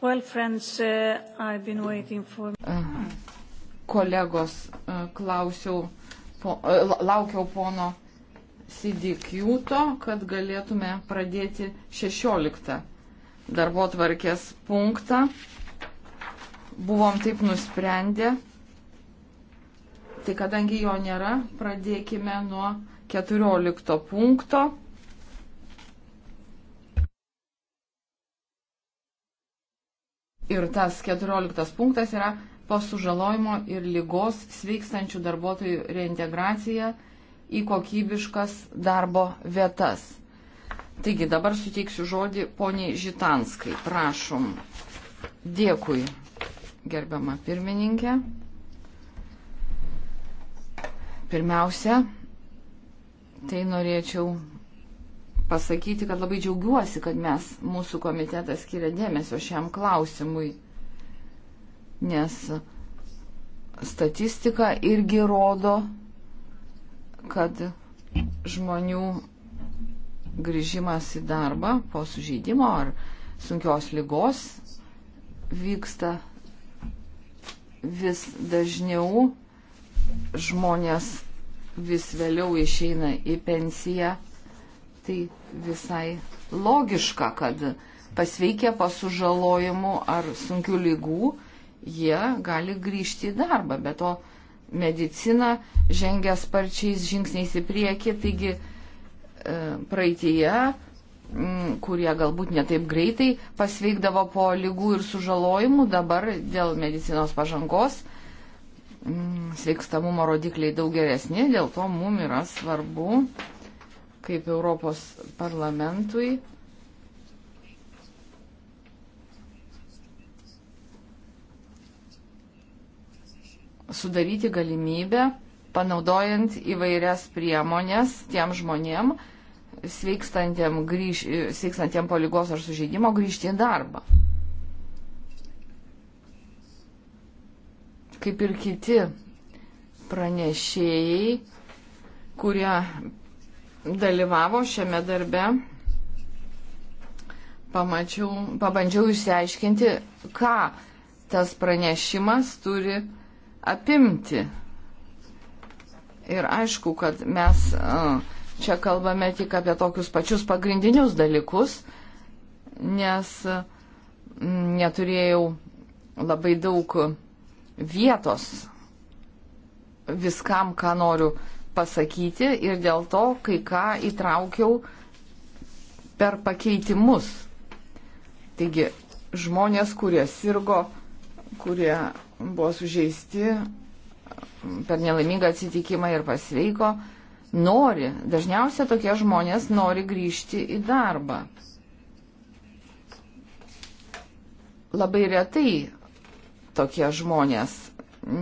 Well, friends, uh, I've been waiting for... Kolegos, uh, klausiau, po, uh, laukiau pono Sidikiūto, kad galėtume pradėti 16 darbo tvarkės punktą. Buvom taip nusprendę. Tai kadangi jo nėra, pradėkime nuo 14 punkto. Ir tas 14 punktas yra po sužalojimo ir lygos sveikstančių darbuotojų reintegracija į kokybiškas darbo vietas. Taigi dabar suteiksiu žodį poniai Žitanskai. Prašom. Dėkui, gerbiama pirmininkė. Pirmiausia, tai norėčiau pasakyti, kad labai džiaugiuosi, kad mes, mūsų komitetas, skiria dėmesio šiam klausimui, nes statistika irgi rodo, kad žmonių grįžimas į darbą po sužeidimo ar sunkios lygos vyksta vis dažniau, žmonės vis vėliau išeina į pensiją. Tai visai logiška, kad pasveikę po sužalojimų ar sunkių lygų jie gali grįžti į darbą, bet to medicina žengia sparčiais žingsniais į priekį, taigi e, praeitėje, m, kurie galbūt netaip greitai pasveikdavo po lygų ir sužalojimų, dabar dėl medicinos pažangos m, sveikstamumo rodikliai daug geresni, dėl to mums yra svarbu kaip Europos parlamentui sudaryti galimybę, panaudojant įvairias priemonės tiem žmonėm, sveikstantiem, grįž, sveikstantiem po lygos ar sužeidimo, grįžti į darbą. Kaip ir kiti pranešėjai, kurie dalyvavo šiame darbe, pamačiau, pabandžiau išsiaiškinti, ką tas pranešimas turi apimti. Ir aišku, kad mes čia kalbame tik apie tokius pačius pagrindinius dalykus, nes neturėjau labai daug vietos viskam, ką noriu pasakyti ir dėl to kai ką įtraukiau per pakeitimus. Taigi žmonės, kurie sirgo, kurie buvo sužeisti per nelaimingą atsitikimą ir pasveiko, nori, dažniausiai tokie žmonės nori grįžti į darbą. Labai retai tokie žmonės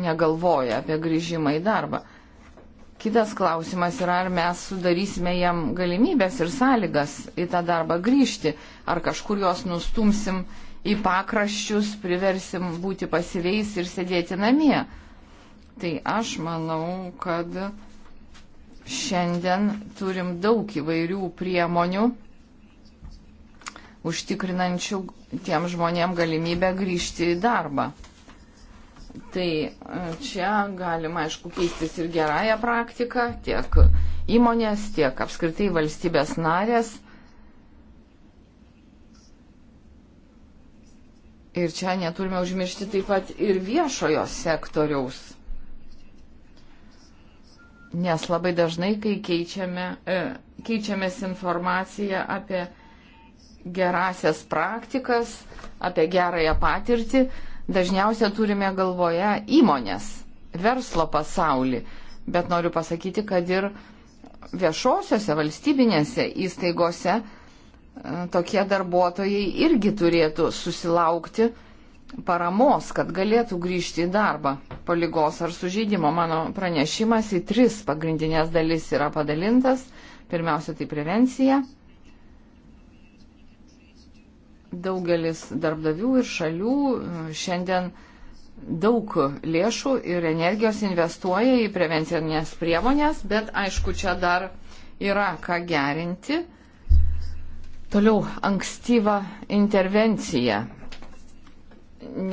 negalvoja apie grįžimą į darbą. Kitas klausimas yra, ar mes sudarysime jam galimybės ir sąlygas į tą darbą grįžti, ar kažkur juos nustumsim į pakraščius, priversim būti pasyviais ir sėdėti namie. Tai aš manau, kad šiandien turim daug įvairių priemonių, užtikrinančių tiem žmonėm galimybę grįžti į darbą. Tai e, čia galima, aišku, keistis ir gerąją praktiką, tiek įmonės, tiek apskritai valstybės narės. Ir čia neturime užmiršti taip pat ir viešojo sektoriaus. Nes labai dažnai, kai keičiame, e, keičiamės informaciją apie gerasias praktikas, apie gerąją patirtį, dažniausia turime galvoje įmonės, verslo pasaulį, bet noriu pasakyti, kad ir viešosiose valstybinėse įstaigose e, tokie darbuotojai irgi turėtų susilaukti paramos, kad galėtų grįžti į darbą po lygos ar sužydimo. Mano pranešimas į tris pagrindinės dalis yra padalintas. Pirmiausia, tai prevencija. Daugelis darbdavių ir šalių e, šiandien daug lėšų ir energijos investuoja į prevencinės priemonės, bet aišku, čia dar yra ką gerinti. Toliau ankstyva intervencija,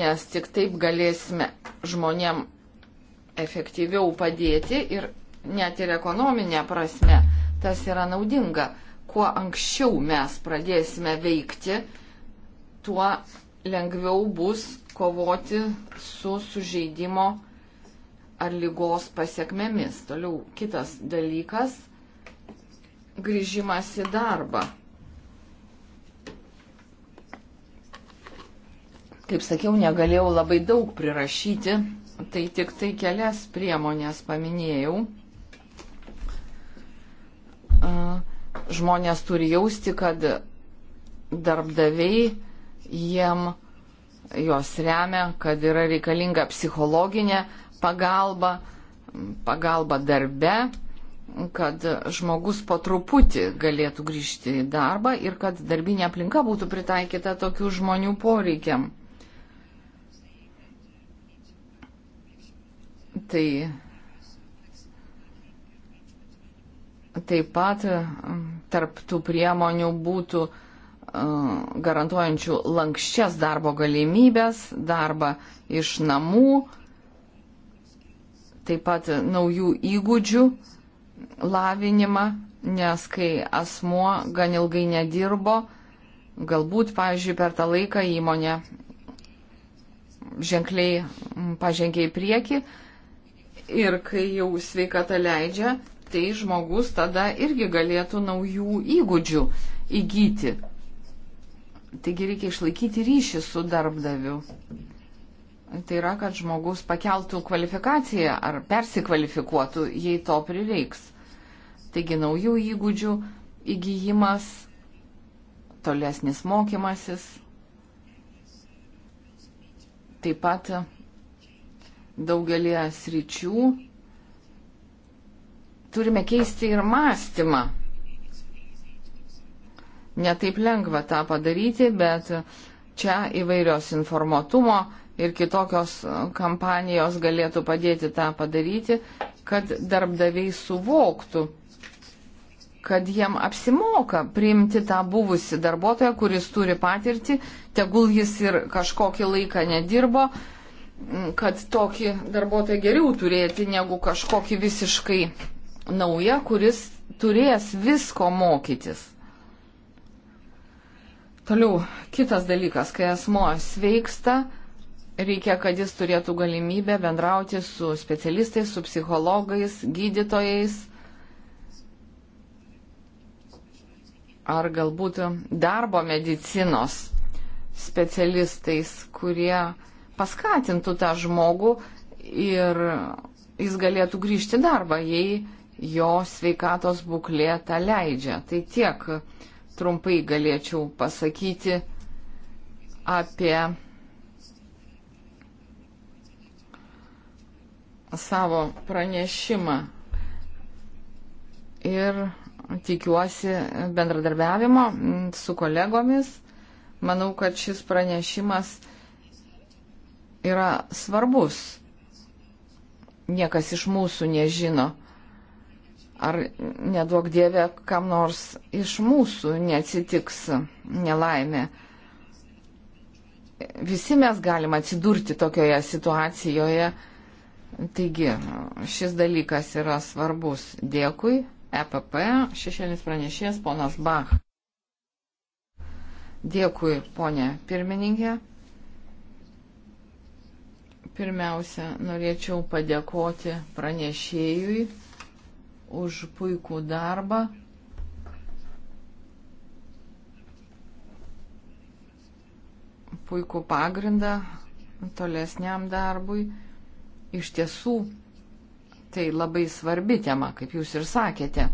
nes tik taip galėsime žmonėm efektyviau padėti ir net ir ekonominė prasme tas yra naudinga. Kuo anksčiau mes pradėsime veikti, tuo lengviau bus kovoti su sužeidimo ar lygos pasiekmėmis. Toliau kitas dalykas - grįžimas į darbą. Kaip sakiau, negalėjau labai daug prirašyti, tai tik tai kelias priemonės paminėjau. Žmonės turi jausti, kad darbdaviai jiem, jos remia, kad yra reikalinga psichologinė pagalba, pagalba darbe, kad žmogus po truputį galėtų grįžti į darbą ir kad darbinė aplinka būtų pritaikyta tokių žmonių poreikiam. Tai taip pat tarptų priemonių būtų uh, E, garantuojančių lankščias darbo galimybės, darbą iš namų, taip pat naujų įgūdžių lavinimą, nes kai asmuo gan ilgai nedirbo, galbūt, pavyzdžiui, per tą laiką įmonė ženkliai pažengė į priekį ir kai jau sveikata leidžia, tai žmogus tada irgi galėtų naujų įgūdžių įgyti. Taigi reikia išlaikyti ryšį su darbdaviu. Tai yra, kad žmogus pakeltų kvalifikaciją ar persikvalifikuotų, jei to prireiks. Taigi naujų įgūdžių įgyjimas, tolesnis mokymasis. Taip pat daugelie sričių turime keisti ir mąstymą Netaip lengva tą padaryti, bet čia įvairios informuotumo ir kitokios kampanijos galėtų padėti tą padaryti, kad darbdaviai suvoktų, kad jiem apsimoka priimti tą buvusi darbuotoją, kuris turi patirtį, tegul jis ir kažkokį laiką nedirbo, kad tokį darbuotoją geriau turėti negu kažkokį visiškai naują, kuris turės visko mokytis. Toliau, kitas dalykas, kai asmo sveiksta, reikia, kad jis turėtų galimybę bendrauti su specialistais, su psichologais, gydytojais ar galbūt darbo medicinos specialistais, kurie paskatintų tą žmogų ir jis galėtų grįžti darbą, jei jo sveikatos būklė tą leidžia. Tai tiek trumpai galėčiau pasakyti apie savo pranešimą ir tikiuosi bendradarbiavimo su kolegomis. Manau, kad šis pranešimas yra svarbus. Niekas iš mūsų nežino, ar neduok dievė, kam nors iš mūsų neatsitiks nelaimė. Visi mes galim atsidurti tokioje situacijoje. Taigi, šis dalykas yra svarbus. Dėkui. EPP, šešėlis pranešės, ponas Bach. Dėkui, ponė pirmininkė. Pirmiausia, norėčiau padėkoti pranešėjui už puikų darbą. puikų pagrindą tolesniam darbui. Iš tiesų, tai labai svarbi tema, kaip jūs ir sakėte.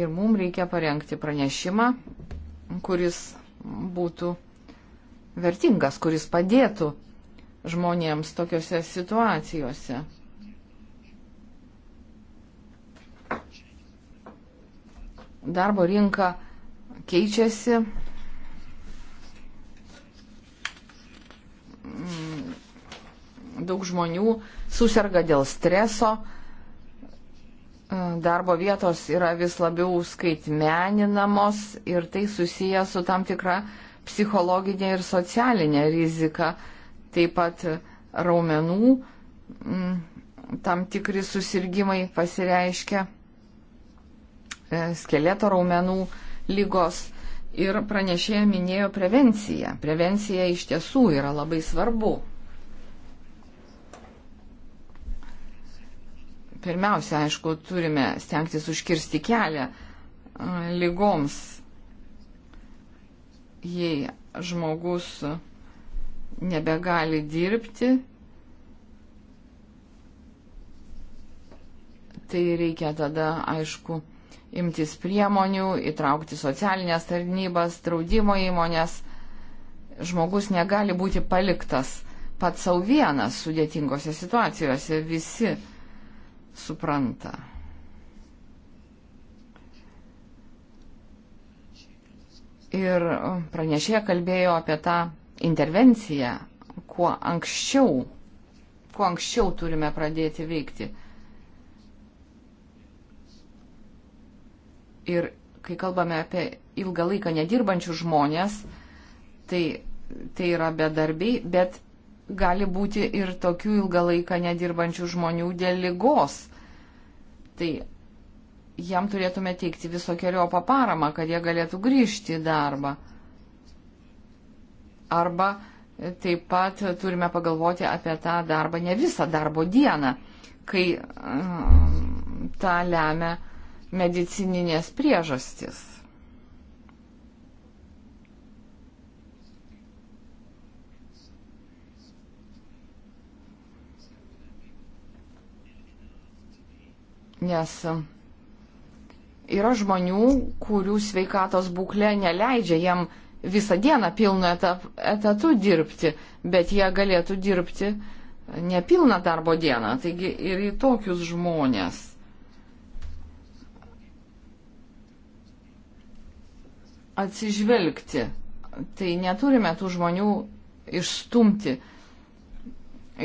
Ir mums reikia parengti pranešimą, kuris būtų vertingas, kuris padėtų žmonėms tokiuose situacijose. darbo rinka keičiasi. Daug žmonių susirga dėl streso, darbo vietos yra vis labiau skaitmeninamos ir tai susiję su tam tikra psichologinė ir socialinė rizika, taip pat raumenų mm, tam tikri susirgymai pasireiškia E, skeleto raumenų lygos. Ir pranešėja minėjo prevenciją. Prevencija iš tiesų yra labai svarbu. Pirmiausia, aišku, turime stengtis užkirsti kelią e, lygoms, jei žmogus nebegali dirbti, tai reikia tada, aišku, imtis priemonių, įtraukti socialinės tarnybas, draudimo įmonės. Žmogus negali būti paliktas pats savo vienas sudėtingose situacijose, visi supranta. Ir pranešėja kalbėjo apie tą intervenciją, kuo anksčiau, kuo anksčiau turime pradėti veikti. Ir kai kalbame apie ilgą laiką nedirbančius žmonės, tai, tai yra bedarbiai, bet gali būti ir tokių ilgą laiką nedirbančių žmonių dėl lygos. Tai jam turėtume teikti visokiojo paparamą, kad jie galėtų grįžti į darbą. Arba taip pat turime pagalvoti apie tą darbą ne visą darbo dieną, kai uh, tą lemia uh, medicininės priežastis. Nes yra žmonių, kurių sveikatos būklė neleidžia jam visą dieną pilnu etap, etatu dirbti, bet jie galėtų dirbti nepilną darbo dieną. Taigi ir į tokius žmonės atsižvelgti. Tai neturime tų žmonių išstumti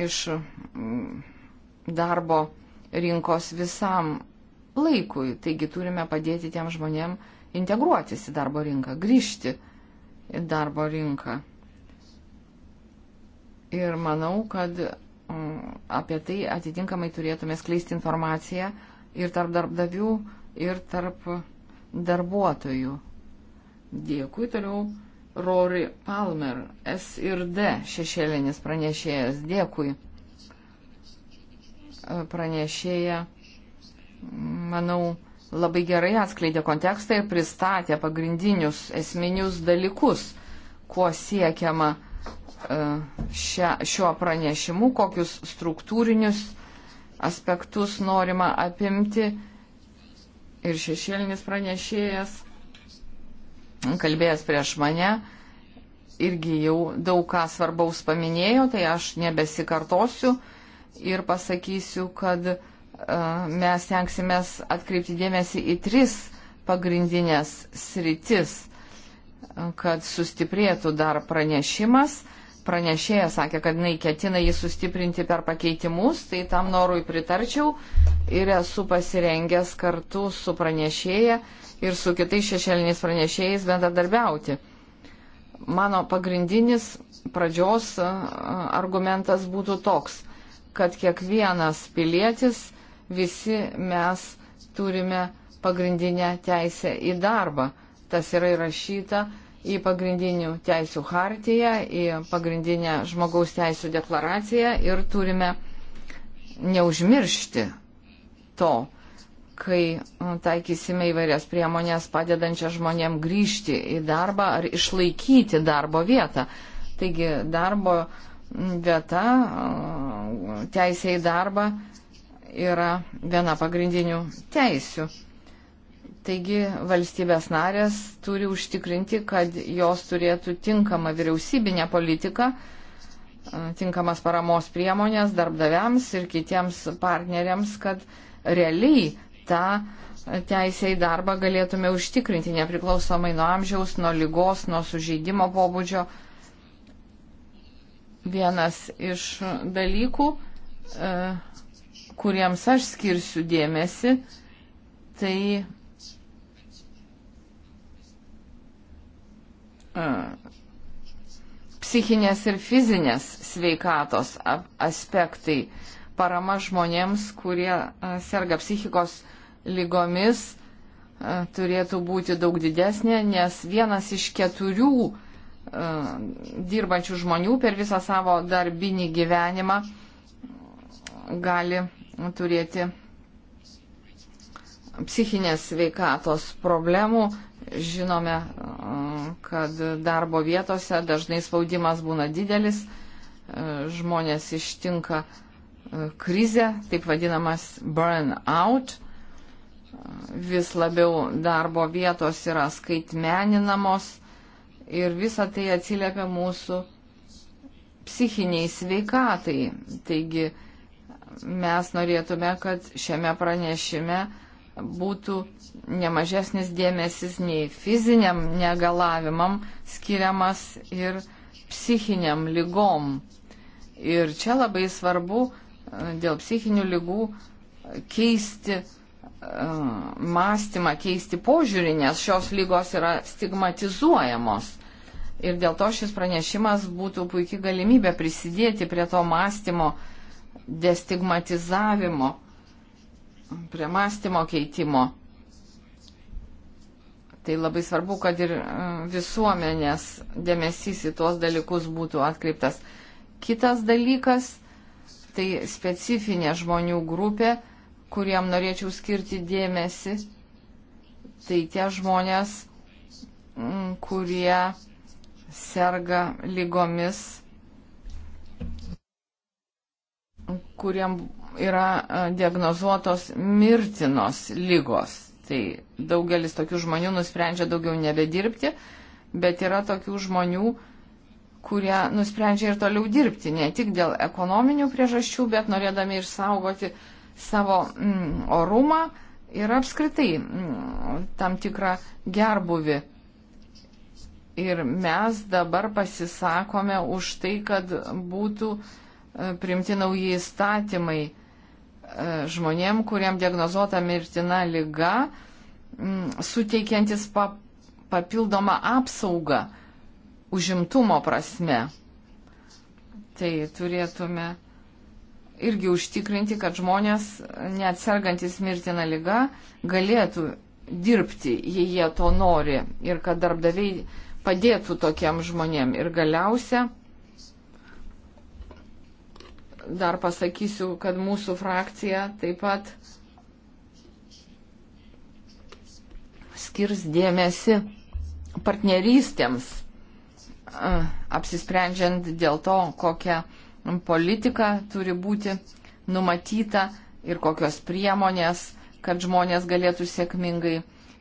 iš mm, darbo rinkos visam laikui. Taigi turime padėti tiem žmonėm integruotis į darbo rinką, grįžti į darbo rinką. Ir manau, kad mm, apie tai atitinkamai turėtume skleisti informaciją ir tarp darbdavių, ir tarp darbuotojų. Dėkui toliau. Rory Palmer, S ir D šešėlinis pranešėjas. Dėkui. Pranešėja, manau, labai gerai atskleidė kontekstą ir pristatė pagrindinius esminius dalykus, kuo siekiama e, šia, šiuo pranešimu, kokius struktūrinius aspektus norima apimti. Ir šešėlinis pranešėjas kalbėjęs prieš mane irgi jau daug ką svarbaus paminėjo, tai aš nebesikartosiu ir pasakysiu, kad e, mes tenksimės atkreipti dėmesį į tris pagrindinės sritis, e, kad sustiprėtų dar pranešimas. Pranešėja sakė, kad jinai ketina jį sustiprinti per pakeitimus, tai tam norui pritarčiau ir esu pasirengęs kartu su pranešėja ir su kitais šešėliniais pranešėjais bendradarbiauti. Mano pagrindinis pradžios argumentas būtų toks, kad kiekvienas pilietis, visi mes turime pagrindinę teisę į darbą. Tas yra įrašyta į pagrindinių teisų hartiją, į pagrindinę žmogaus teisų deklaraciją ir turime neužmiršti to kai taikysime įvairias priemonės padedančias žmonėm grįžti į darbą ar išlaikyti darbo vietą. Taigi darbo vieta, teisė į darbą yra viena pagrindinių teisių. Taigi valstybės narės turi užtikrinti, kad jos turėtų tinkamą vyriausybinę politiką, tinkamas paramos priemonės darbdaviams ir kitiems partneriams, kad realiai tą teisę į darbą galėtume užtikrinti nepriklausomai nuo amžiaus, nuo lygos, nuo sužeidimo pobūdžio. Vienas iš dalykų, e, kuriems aš skirsiu dėmesį, tai e, psichinės ir fizinės sveikatos aspektai, parama žmonėms, kurie e, serga psichikos lygomis e, turėtų būti daug didesnė, nes vienas iš keturių e, dirbančių žmonių per visą savo darbinį gyvenimą gali turėti psichinės veikatos problemų. Žinome, e, kad darbo vietose dažnai spaudimas būna didelis, žmonės ištinka krizė, taip vadinamas burn out vis labiau darbo vietos yra skaitmeninamos ir visa tai atsiliepia mūsų psichiniai sveikatai. Taigi mes norėtume, kad šiame pranešime būtų nemažesnis dėmesys nei fiziniam negalavimam skiriamas ir psichiniam lygom. Ir čia labai svarbu e, dėl psichinių lygų keisti uh, Um, mąstymą keisti požiūrį, nes šios lygos yra stigmatizuojamos. Ir dėl to šis pranešimas būtų puikia galimybė prisidėti prie to mąstymo destigmatizavimo, prie mąstymo keitimo. Tai labai svarbu, kad ir um, visuomenės dėmesys į tuos dalykus būtų atkreiptas. Kitas dalykas - tai specifinė žmonių grupė kuriem norėčiau skirti dėmesį, tai tie žmonės, mm, kurie serga lygomis, kuriem yra e, diagnozuotos mirtinos lygos. Tai daugelis tokių žmonių nusprendžia daugiau nebedirbti, bet yra tokių žmonių, kurie nusprendžia ir toliau dirbti, ne tik dėl ekonominių priežasčių, bet norėdami išsaugoti uh, savo mm, orumą ir apskritai mm, tam tikrą gerbuvi. Ir mes dabar pasisakome už tai, kad būtų e, priimti nauji įstatymai e, žmonėm, kuriam diagnozuota mirtina lyga, mm, suteikiantis papildomą apsaugą užimtumo prasme. Tai turėtume irgi užtikrinti, kad žmonės, net sergantis mirtina lyga, galėtų dirbti, jei jie to nori ir kad darbdaviai padėtų tokiem žmonėm. Ir galiausia, dar pasakysiu, kad mūsų frakcija taip pat skirs dėmesį partnerystėms, apsisprendžiant dėl to, kokią politika turi būti numatyta ir kokios priemonės, kad žmonės galėtų sėkmingai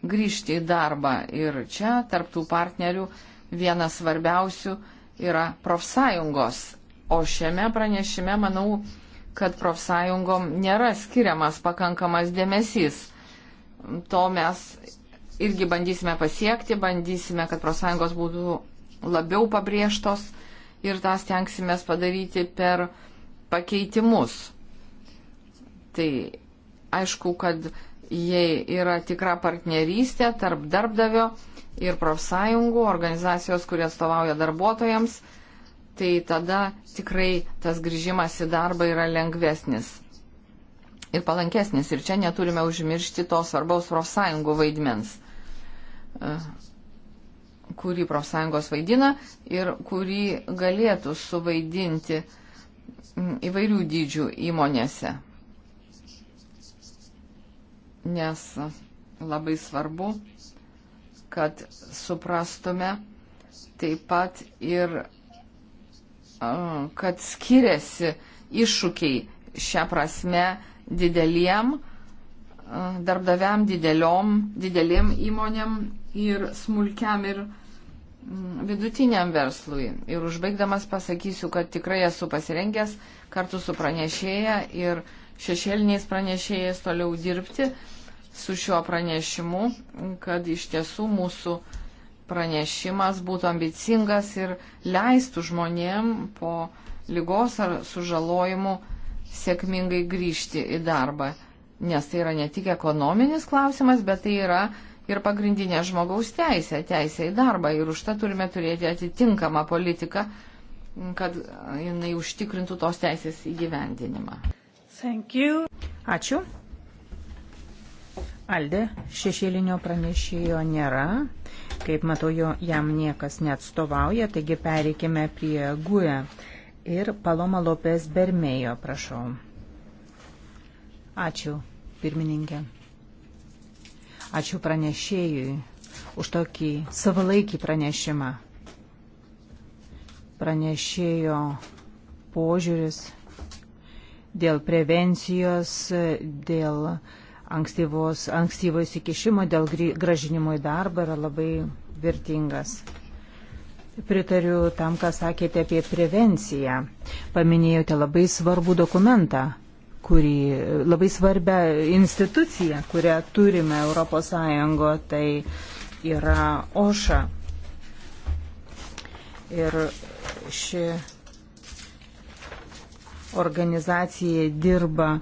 grįžti į darbą. Ir čia tarptų partnerių vienas svarbiausių yra profsąjungos. O šiame pranešime manau, kad profsąjungom nėra skiriamas pakankamas dėmesys. To mes irgi bandysime pasiekti, bandysime, kad profsąjungos būtų labiau pabrėžtos ir tą stengsimės padaryti per pakeitimus. Tai aišku, kad jei yra tikra partnerystė tarp darbdavio ir profsąjungų, organizacijos, kurie atstovauja darbuotojams, tai tada tikrai tas grįžimas į darbą yra lengvesnis ir palankesnis. Ir čia neturime užmiršti to svarbaus profsąjungų vaidmens kurį profsąjungos vaidina ir kurį galėtų suvaidinti įvairių dydžių įmonėse. Nes labai svarbu, kad suprastume taip pat ir, kad skiriasi iššūkiai šią prasme dideliem darbdaviam, dideliom, didelėm įmonėm ir smulkiam ir vidutiniam verslui. Ir užbaigdamas pasakysiu, kad tikrai esu pasirengęs kartu su pranešėja ir šešėliniais pranešėjais toliau dirbti su šiuo pranešimu, kad iš tiesų mūsų pranešimas būtų ambicingas ir leistų žmonėm po lygos ar sužalojimų sėkmingai grįžti į darbą. Nes tai yra ne tik ekonominis klausimas, bet tai yra ir pagrindinę žmogaus teisę, teisę į darbą. Ir už tą turime turėti atitinkamą politiką, kad jinai užtikrintų tos teisės įgyvendinimą. Ačiū. Alde šešėlinio pranešėjo nėra. Kaip matau, jo, jam niekas neatstovauja, taigi pereikime prie GUE. Ir Paloma Lopės Bermėjo, prašau. Ačiū, pirmininkė. Ačiū pranešėjui už tokį savalaikį pranešimą. Pranešėjo požiūris dėl prevencijos, dėl ankstyvos, ankstyvo įsikišimo, dėl gražinimo į darbą yra labai vertingas. Pritariu tam, ką sakėte apie prevenciją. Paminėjote labai svarbų dokumentą kurį, labai svarbę instituciją, kurią turime ES, tai yra OŠA. Ir ši organizacija dirba e,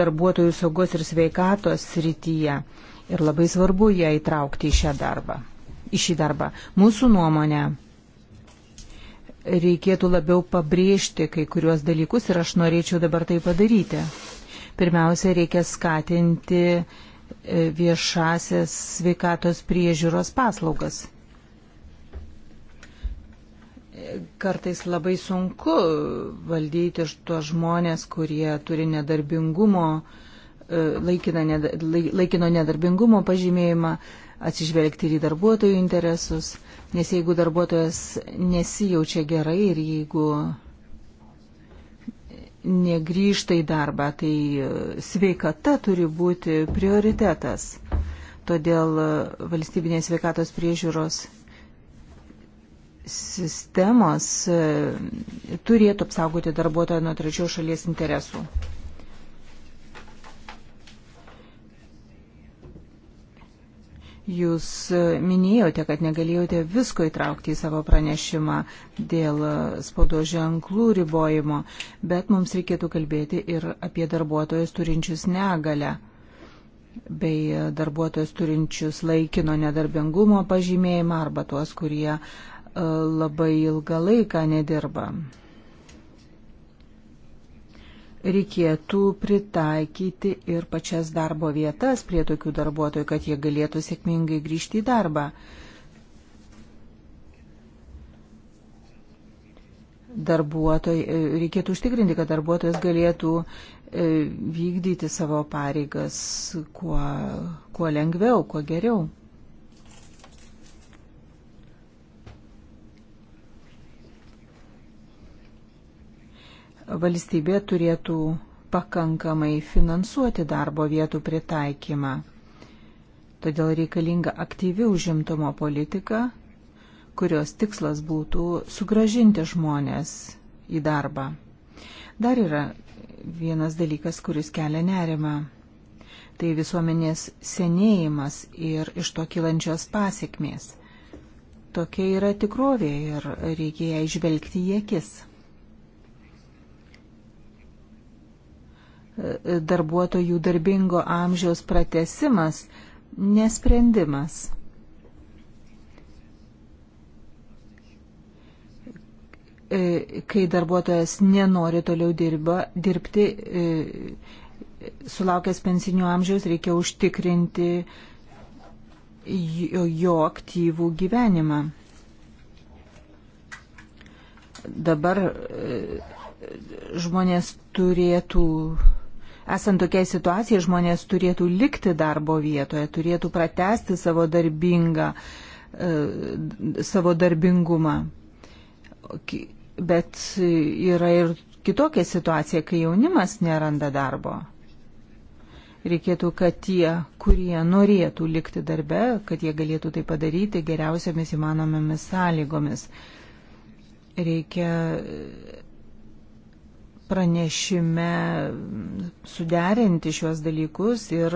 darbuotojų saugos ir sveikatos srityje. Ir labai svarbu ją įtraukti į šią darbą. Į šį darbą. Mūsų nuomonė reikėtų labiau pabrėžti kai kuriuos dalykus ir aš norėčiau dabar tai padaryti. Pirmiausia, reikia skatinti e, viešasias sveikatos priežiūros paslaugas. E, kartais labai sunku valdyti tuos žmonės, kurie turi nedarbingumo, e, laikino nedarbingumo pažymėjimą, atsižvelgti ir į darbuotojų interesus. Nes jeigu darbuotojas nesijaučia gerai ir jeigu negrįžta į darbą, tai sveikata turi būti prioritetas. Todėl valstybinės sveikatos priežiūros sistemos turėtų apsaugoti darbuotoją nuo trečios šalies interesų. Jūs e, minėjote, kad negalėjote visko įtraukti į savo pranešimą dėl e, spaudo ženklų ribojimo, bet mums reikėtų kalbėti ir apie darbuotojus turinčius negalę bei darbuotojus turinčius laikino nedarbingumo pažymėjimą arba tuos, kurie e, labai ilgą laiką nedirba reikėtų pritaikyti ir pačias darbo vietas prie tokių darbuotojų, kad jie galėtų sėkmingai grįžti į darbą. Darbuotojai, e, reikėtų užtikrinti, kad darbuotojas galėtų e, vykdyti savo pareigas kuo, kuo lengviau, kuo geriau. valstybė turėtų pakankamai finansuoti darbo vietų pritaikymą. Todėl reikalinga aktyvi užimtumo politika, kurios tikslas būtų sugražinti žmonės į darbą. Dar yra vienas dalykas, kuris kelia nerimą. Tai visuomenės senėjimas ir iš to kilančios pasiekmės. Tokia yra tikrovė ir reikia ją išvelgti į akis. darbuotojų darbingo amžiaus pratesimas nesprendimas. E, kai darbuotojas nenori toliau dirba, dirbti, e, sulaukęs pensinio amžiaus reikia užtikrinti jo aktyvų gyvenimą. Dabar e, žmonės turėtų Esant tokiai situacijai, žmonės turėtų likti darbo vietoje, turėtų pratesti savo darbingą, e, savo darbingumą. Bet yra ir kitokia situacija, kai jaunimas neranda darbo. Reikėtų, kad tie, kurie norėtų likti darbe, kad jie galėtų tai padaryti geriausiamis įmanomomis sąlygomis. Reikia pranešime suderinti šiuos dalykus ir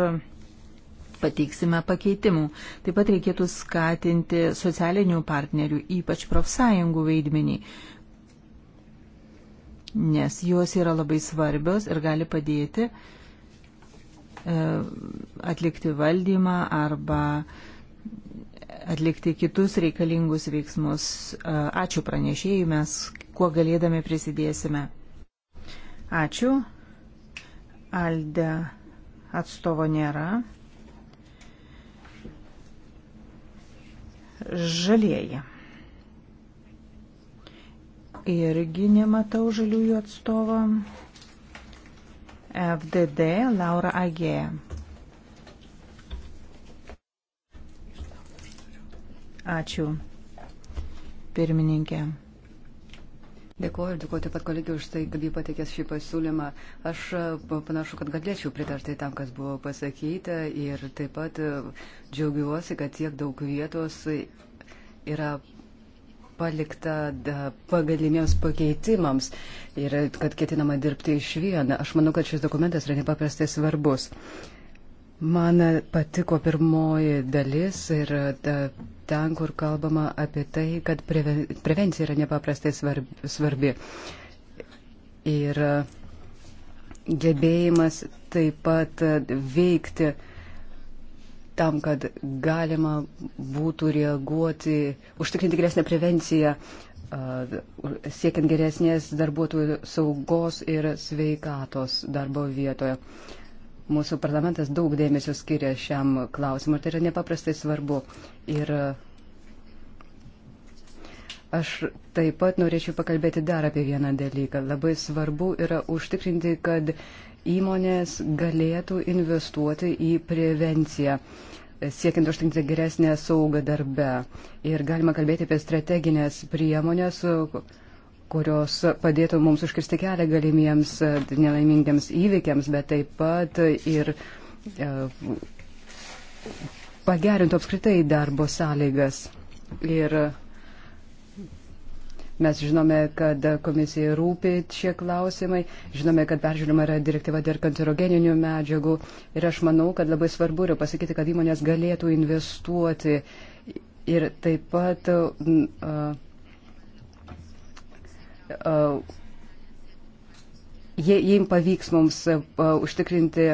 pateiksime pakeitimų. Taip pat reikėtų skatinti socialinių partnerių, ypač profsąjungų vaidmenį, nes jos yra labai svarbios ir gali padėti e, atlikti valdymą arba atlikti kitus reikalingus veiksmus. E, ačiū pranešėjai, mes kuo galėdami prisidėsime. Ačiū. Alde atstovo nėra. Žalieji. Irgi nematau žaliųjų atstovo. FDD Laura Agėja. Ačiū. Pirmininkė. Dėkuoju, dėkuoju taip pat kolegijai už tai, kad jį patikės šį pasiūlymą. Aš e, panašu, kad galėčiau pritarti tam, kas buvo pasakyta ir taip pat e, džiaugiuosi, kad tiek daug vietos yra palikta pagalimiems pakeitimams ir e, kad ketinama dirbti iš vieną. Aš manau, kad šis dokumentas yra nepaprastai svarbus. Uh, Man patiko pirmoji dalis ir e, ten, kur kalbama apie tai, kad prevencija yra nepaprastai svarbi. Ir e, gebėjimas taip pat e, veikti tam, kad galima būtų reaguoti, užtikrinti geresnę prevenciją, siekiant geresnės darbuotojų saugos ir sveikatos darbo vietoje. Mūsų parlamentas daug dėmesio skiria šiam klausimui ir tai yra nepaprastai svarbu. Ir Aš taip pat norėčiau pakalbėti dar apie vieną dalyką. Labai svarbu yra užtikrinti, kad įmonės galėtų investuoti į prevenciją, siekiant užtikrinti geresnę saugą darbe. Ir galima kalbėti apie strateginės priemonės, kurios padėtų mums užkirsti kelią galimiems e, nelaimingiams įvykiams, bet taip pat ir e, pagerintų apskritai darbo sąlygas. Ir Mes žinome, kad komisijai rūpi šie klausimai, žinome, kad peržiūrima yra direktyva dėl kancerogeninių medžiagų ir aš manau, kad labai svarbu yra pasakyti, kad įmonės galėtų investuoti ir taip pat uh, jei jiems pavyks mums e, užtikrinti,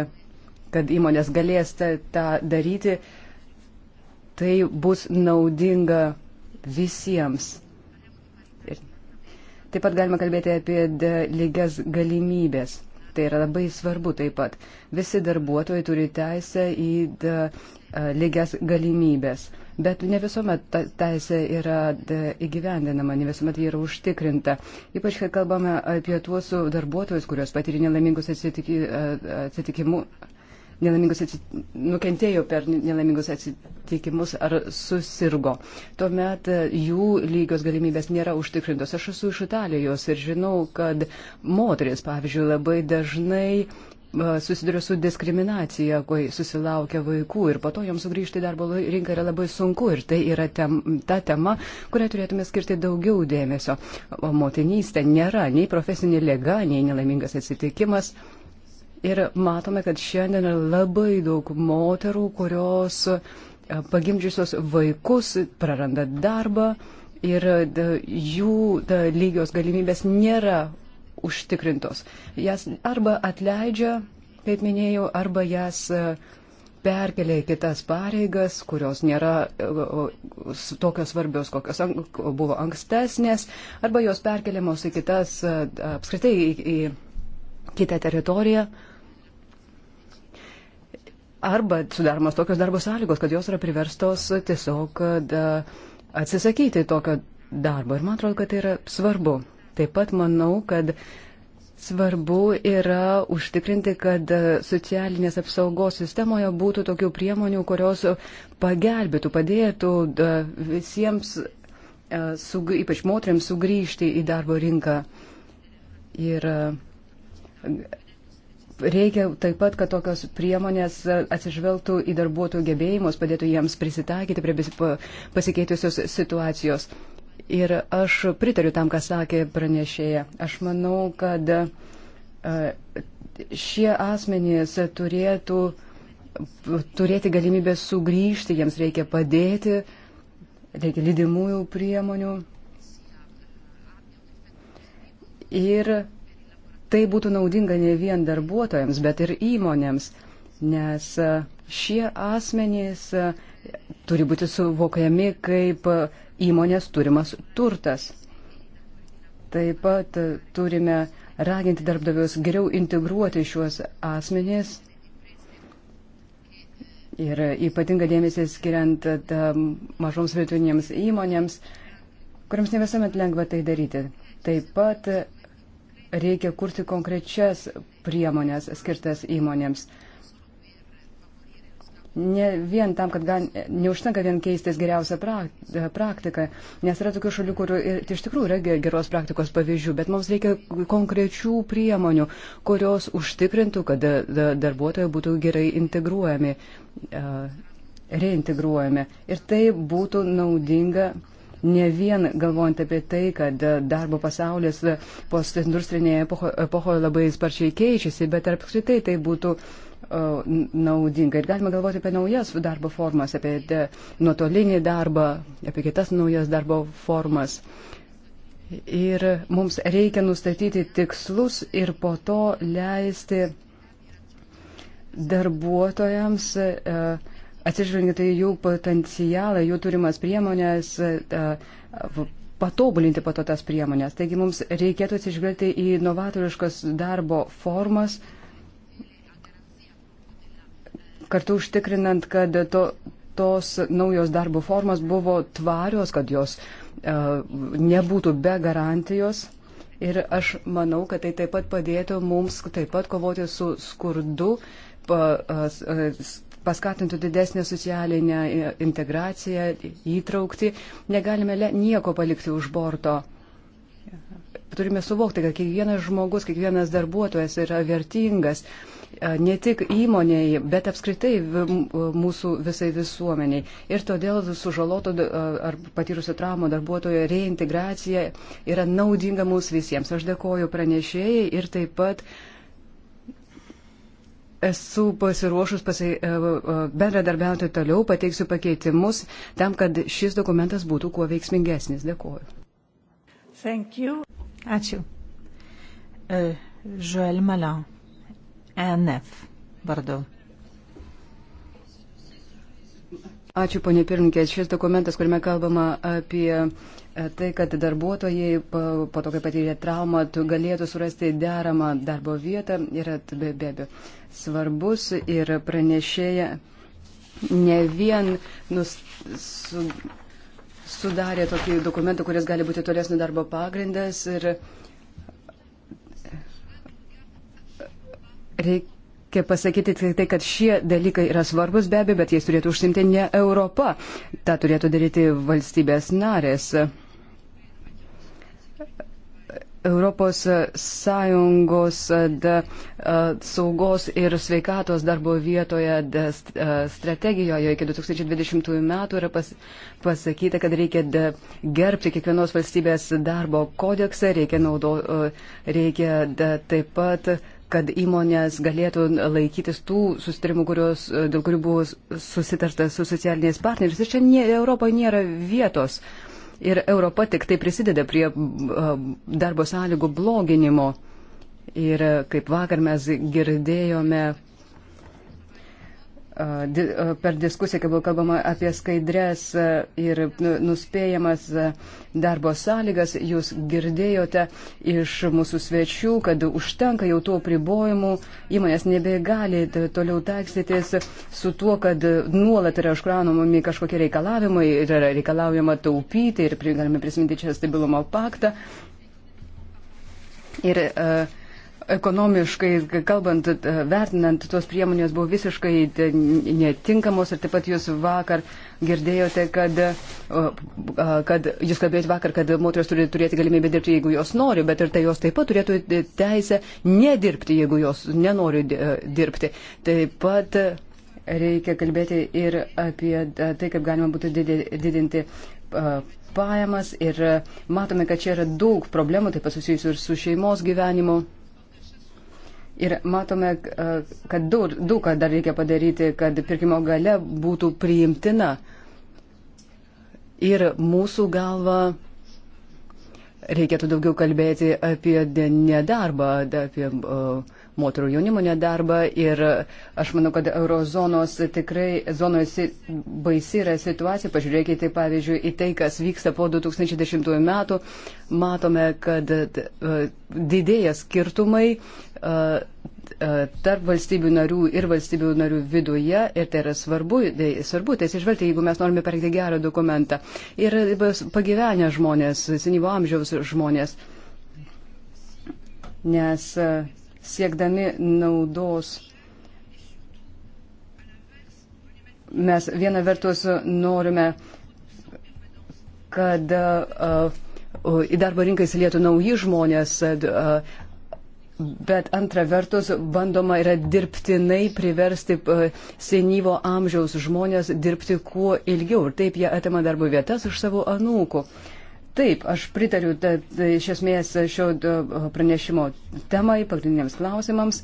kad įmonės galės tą daryti, tai bus naudinga visiems. Ir taip pat galima kalbėti apie lygias galimybės. Tai yra labai svarbu taip pat. Visi darbuotojai turi teisę į e, lygias galimybės bet ne visuomet ta teisė yra e, įgyvendinama, ne visuomet ji yra užtikrinta. Ypač, kai kalbame apie tuos darbuotojus, kurios patyrė nelaimingus atsitiki, e, atsitikimus, nelaimingus atsit... nukentėjo per nelaimingus atsitikimus ar susirgo. Tuomet e, jų lygios galimybės nėra užtikrintos. Aš esu iš Italijos ir žinau, kad moteris, pavyzdžiui, labai dažnai susiduria su diskriminacija, kai susilaukia vaikų ir po to joms sugrįžti į darbo rinką yra labai sunku ir tai yra tem, ta tema, kurią turėtume skirti daugiau dėmesio. O motinystė nėra nei profesinė lega, nei nelaimingas atsitikimas. Ir matome, kad šiandien yra labai daug moterų, kurios pagimdžiusios vaikus praranda darbą ir jų lygios galimybės nėra užtikrintos. Jas arba atleidžia, kaip minėjau, arba jas e, perkelia į kitas pareigas, kurios nėra e, tokios svarbios, kokios buvo ankstesnės, arba jos perkeliamos į kitas, e, apskritai į, į kitą teritoriją. Arba sudaromos tokios darbo sąlygos, kad jos yra priverstos tiesiog atsisakyti tokio darbo. Ir man atrodo, kad tai yra svarbu. Taip pat manau, kad Svarbu yra užtikrinti, kad socialinės apsaugos sistemoje būtų tokių priemonių, kurios pagelbėtų, padėtų visiems, e, ypač moteriams, sugrįžti į darbo rinką. Ir e, reikia taip pat, kad tokios priemonės atsižvelgtų į darbuotojų gebėjimus, padėtų jiems prisitaikyti prie pasikeitusios situacijos. Ir aš pritariu tam, ką sakė pranešėja. Aš manau, kad e, šie asmenys turėtų turėti galimybę sugrįžti, jiems reikia padėti, reikia lydimųjų priemonių. Ir tai būtų naudinga ne vien darbuotojams, bet ir įmonėms, nes šie asmenys turi būti suvokiami kaip įmonės turimas turtas. Taip pat turime raginti darbdavius geriau integruoti šiuos asmenys ir ypatinga dėmesį skiriant mažoms vietinėms įmonėms, kuriams ne visuomet lengva tai daryti. Taip pat reikia kurti konkrečias priemonės skirtas įmonėms ne vien tam, kad gan, neužtenka vien keistis geriausią praktiką, nes yra tokių šalių, kur ir, tai iš tikrųjų yra geros praktikos pavyzdžių, bet mums reikia konkrečių priemonių, kurios užtikrintų, kad darbuotojai būtų gerai integruojami, reintegruojami. Ir tai būtų naudinga. Ne vien galvojant apie tai, kad darbo pasaulis postindustrinėje epochoje labai sparčiai keičiasi, bet apskritai tai būtų uh, naudinga. Ir galima galvoti apie naujas darbo formas, apie nuotolinį darbą, apie kitas naujas darbo formas. Ir mums reikia nustatyti tikslus ir po to leisti darbuotojams e, atsižvelgiant į jų potencialą, jų turimas priemonės, e, patobulinti po to tas priemonės. Taigi mums reikėtų atsižvelgti į novatoriškas darbo formas, kartu užtikrinant, kad to, tos naujos darbo formos buvo tvarios, kad jos uh, nebūtų be garantijos. Ir aš manau, kad tai taip pat padėtų mums taip pat kovoti su skurdu, pa, uh, paskatintų didesnę socialinę integraciją, įtraukti. Negalime nieko palikti už borto turime suvokti, kad kiekvienas žmogus, kiekvienas darbuotojas yra vertingas E, ne tik įmoniai, bet apskritai e, mūsų visai visuomeniai. Ir todėl sužaloto e, ar patyrusio traumo darbuotojo reintegracija yra naudinga mums visiems. Aš dėkoju pranešėjai ir taip pat esu pasiruošus pasi, bendradarbiauti toliau, pateiksiu pakeitimus tam, kad šis dokumentas būtų kuo veiksmingesnis. Dėkoju. Ačiū. Uh, Joël Malin. ENF vardu. Ačiū, ponė pirmininkė. Šis dokumentas, kuriame kalbama apie e, tai, kad darbuotojai po to, kai patyrė traumą, galėtų surasti deramą darbo vietą, yra be abejo svarbus ir pranešėja ne vien nus, su, sudarė tokį dokumentą, kuris gali būti tolesnio darbo pagrindas ir, Reikia pasakyti tik tai, kad šie dalykai yra svarbus be abejo, bet jais turėtų užsimti ne Europa. Ta turėtų daryti valstybės narės. Europos Sąjungos da, saugos ir sveikatos darbo vietoje da, strategijoje iki 2020 metų yra pas, pasakyta, kad reikia da, gerbti kiekvienos valstybės darbo kodeksą, reikia, naudo, reikia da, taip pat kad įmonės galėtų laikytis tų sustarimų, kurios, e, dėl kurių buvo susitarta su socialiniais partneriais. Ir čia nie, Europoje nėra vietos. Ir Europa tik tai prisideda prie e, darbo sąlygų bloginimo. Ir e, kaip vakar mes girdėjome, per diskusiją, kai buvo kalbama apie skaidrės ir nu, nuspėjamas darbo sąlygas, jūs girdėjote iš mūsų svečių, kad užtenka jau tų apribojimų, įmonės nebegali toliau taikstytis su tuo, kad nuolat yra užkraunami kažkokie reikalavimai, yra reikalaujama taupyti ir galime prisiminti čia stabilumo paktą. Ir, uh, ekonomiškai, kalbant, e, vertinant, tos priemonės buvo visiškai e, netinkamos ir taip pat jūs vakar girdėjote, kad, e, kad jūs kalbėjote vakar, kad moteris turi turėti galimybę dirbti, jeigu jos nori, bet ir tai jos taip pat turėtų teisę nedirbti, jeigu jos nenori dirbti. Taip pat reikia kalbėti ir apie tai, kaip galima būtų didinti pajamas ir matome, kad čia yra daug problemų, taip pat susijusių ir su šeimos gyvenimu. Ir matome, e, kad daug, daug ką dar reikia padaryti, kad pirkimo gale būtų priimtina. Ir mūsų galva reikėtų daugiau kalbėti apie nedarbą, apie moterų jaunimo nedarbą. Ir aš manau, kad eurozonos tikrai zonoje baisi yra situacija. Pažiūrėkite, pavyzdžiui, į tai, kas vyksta po 2010 metų. Matome, kad e, didėja skirtumai tarp valstybių narių ir valstybių narių viduje ir tai yra svarbu, tai svarbu, tai atsižvelgti, jeigu mes norime parengti gerą dokumentą. Ir pagyvenę žmonės, senyvo amžiaus žmonės, nes siekdami naudos mes viena vertus norime, kad uh, į darbo rinką įsilietų nauji žmonės, uh, Bet antra vertus, bandoma yra dirbtinai priversti e, senyvo amžiaus žmonės dirbti kuo ilgiau ir taip jie atima darbo vietas iš savo anūkų. Taip, aš pritariu tad, iš esmės šio e, pranešimo temai, pagrindiniams klausimams.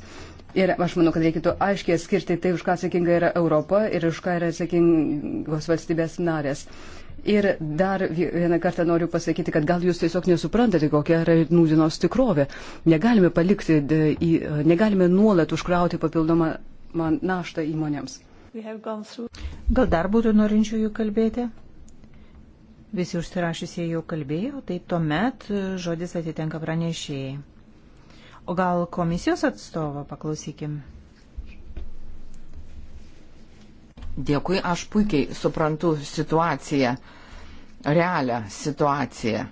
Ir aš manau, kad reikėtų aiškiai skirti tai, už ką atsakinga yra Europa ir už ką yra atsakingos valstybės narės. Uh, Ir dar vieną kartą noriu pasakyti, kad gal jūs tiesiog nesuprantate, kokia yra nūdienos tikrovė. Negalime palikti, negalime nuolat užkrauti papildomą naštą įmonėms. Gal dar būtų norinčiųjų kalbėti? Visi užsirašysieji jau kalbėjo, tai tuomet e, žodis atitenka pranešėjai. O gal komisijos atstovo paklausykim? Dėkui, aš puikiai suprantu situaciją realią situaciją.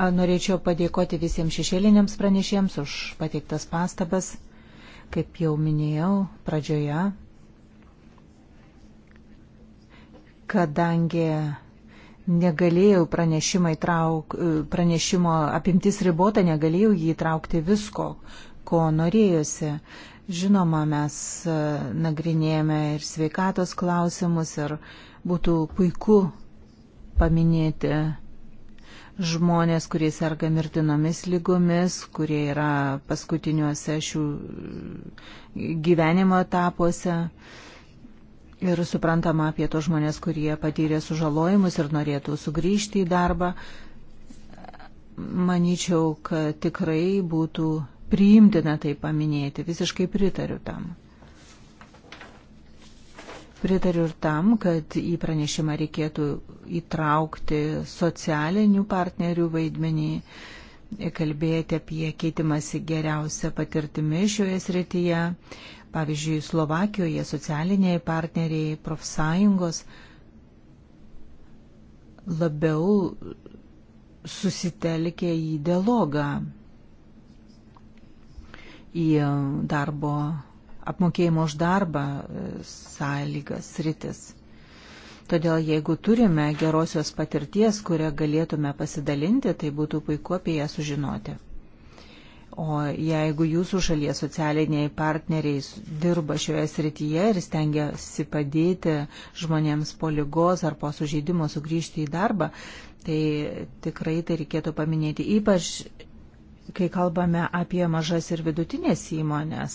E, norėčiau padėkoti visiems šešėliniams pranešėjams už pateiktas pastabas. Kaip jau minėjau pradžioje, kadangi negalėjau pranešimą įtrauk, pranešimo apimtis ribota, negalėjau jį įtraukti visko, ko norėjusi. Žinoma, mes e, nagrinėjame ir sveikatos klausimus ir būtų puiku paminėti žmonės, kurie serga mirtinomis lygomis, kurie yra paskutiniuose šių gyvenimo etapuose. Ir suprantama apie tos žmonės, kurie patyrė sužalojimus ir norėtų sugrįžti į darbą. Maničiau, kad tikrai būtų priimtina tai paminėti, visiškai pritariu tam. Pritariu ir tam, kad į pranešimą reikėtų įtraukti socialinių partnerių vaidmenį, kalbėti apie keitimąsi geriausią patirtimį šioje srityje. Pavyzdžiui, Slovakijoje socialiniai partneriai, profsąjungos labiau susitelkė į dialogą į e, darbo apmokėjimo už darbą e, sąlygas rytis. Todėl jeigu turime gerosios patirties, kurią galėtume pasidalinti, tai būtų puiku apie ją sužinoti. O jeigu jūsų šalies socialiniai partneriai dirba šioje srityje ir stengiasi padėti žmonėms po lygos ar po sužeidimo sugrįžti į darbą, tai tikrai tai reikėtų paminėti. Ypač kai kalbame apie mažas ir vidutinės įmonės,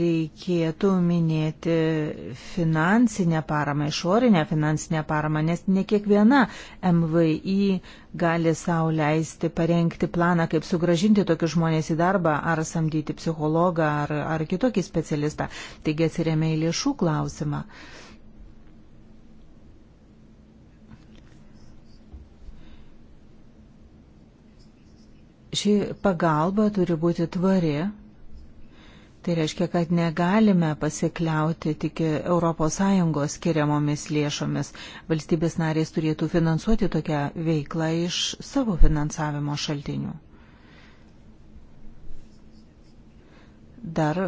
reikėtų minėti finansinę paramą, išorinę finansinę paramą, nes ne kiekviena MVI gali savo leisti parengti planą, kaip sugražinti tokius žmonės į darbą, ar samdyti psichologą, ar, ar kitokį specialistą. Taigi atsiriame į lėšų klausimą. Uh, Ši pagalba turi būti tvari. Tai reiškia, kad negalime pasikliauti tik ES skiriamomis lėšomis. Valstybės narės turėtų finansuoti tokią veiklą iš savo finansavimo šaltinių. Dar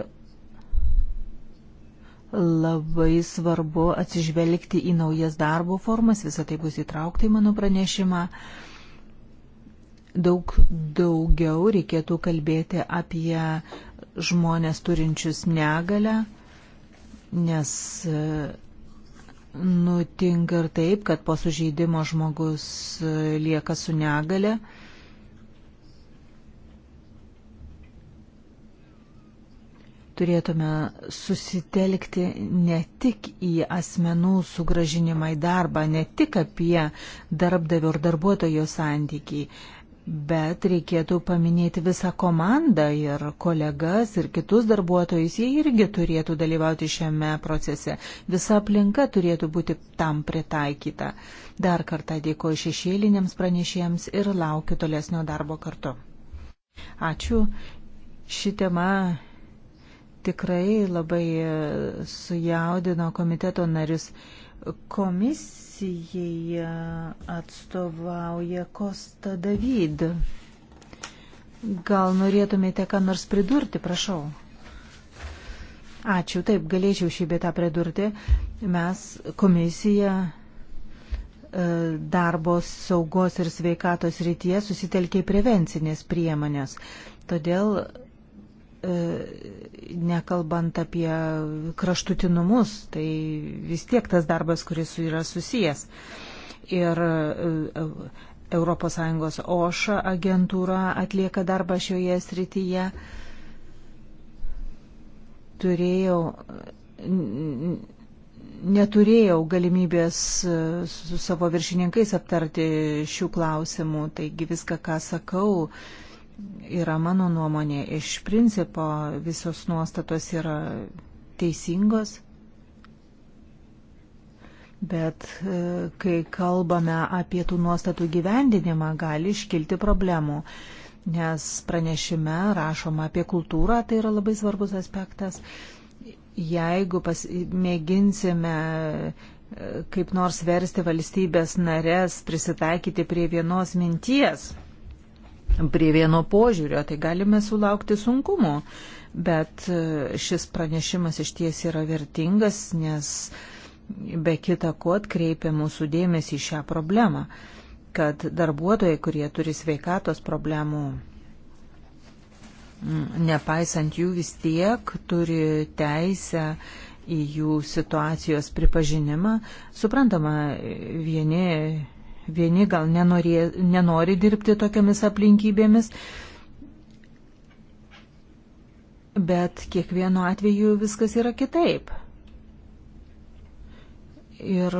labai svarbu atsižvelgti į naujas darbo formas, visą tai bus įtraukta į mano pranešimą. Uh, daug daugiau reikėtų kalbėti apie žmonės turinčius negalę, nes e, nutinka ir taip, kad po sužeidimo žmogus e, lieka su negale. Turėtume susitelkti ne tik į asmenų sugražinimą į darbą, ne tik apie darbdavio ir darbuotojo santykį, Bet reikėtų paminėti visą komandą ir kolegas ir kitus darbuotojus, jie irgi turėtų dalyvauti šiame procese. Visa aplinka turėtų būti tam pritaikyta. Dar kartą dėkoju šešėliniams pranešėjams ir laukiu tolesnio darbo kartu. Ačiū. Ši tema tikrai labai sujaudino komiteto narius. Komisijai atstovauja Kosta David. Gal norėtumėte ką nors pridurti, prašau? Ačiū, taip, galėčiau šį betą pridurti. Mes komisija e, darbo saugos ir sveikatos rytyje susitelkė į prevencinės priemonės. Todėl E, nekalbant apie kraštutinumus, tai vis tiek tas darbas, kuris yra susijęs. Ir ES e, OŠA agentūra atlieka darbą šioje srityje. Turėjau, neturėjau galimybės e, su savo viršininkais aptarti šių klausimų, taigi viską, ką sakau, uh, yra mano nuomonė. Iš principo visos nuostatos yra teisingos, bet e, kai kalbame apie tų nuostatų gyvendinimą, gali iškilti problemų, nes pranešime rašoma apie kultūrą, tai yra labai svarbus aspektas. Jeigu pas, mėginsime e, kaip nors versti valstybės narės prisitaikyti prie vienos minties, prie vieno požiūrio, tai galime sulaukti sunkumų. Bet e, šis pranešimas iš ties yra vertingas, nes be kita ko atkreipia mūsų dėmesį į šią problemą, kad darbuotojai, kurie turi sveikatos problemų, nepaisant jų vis tiek turi teisę į jų situacijos pripažinimą. Suprantama, vieni Vieni gal nenorė, nenori dirbti tokiamis aplinkybėmis, bet kiekvienu atveju viskas yra kitaip. Ir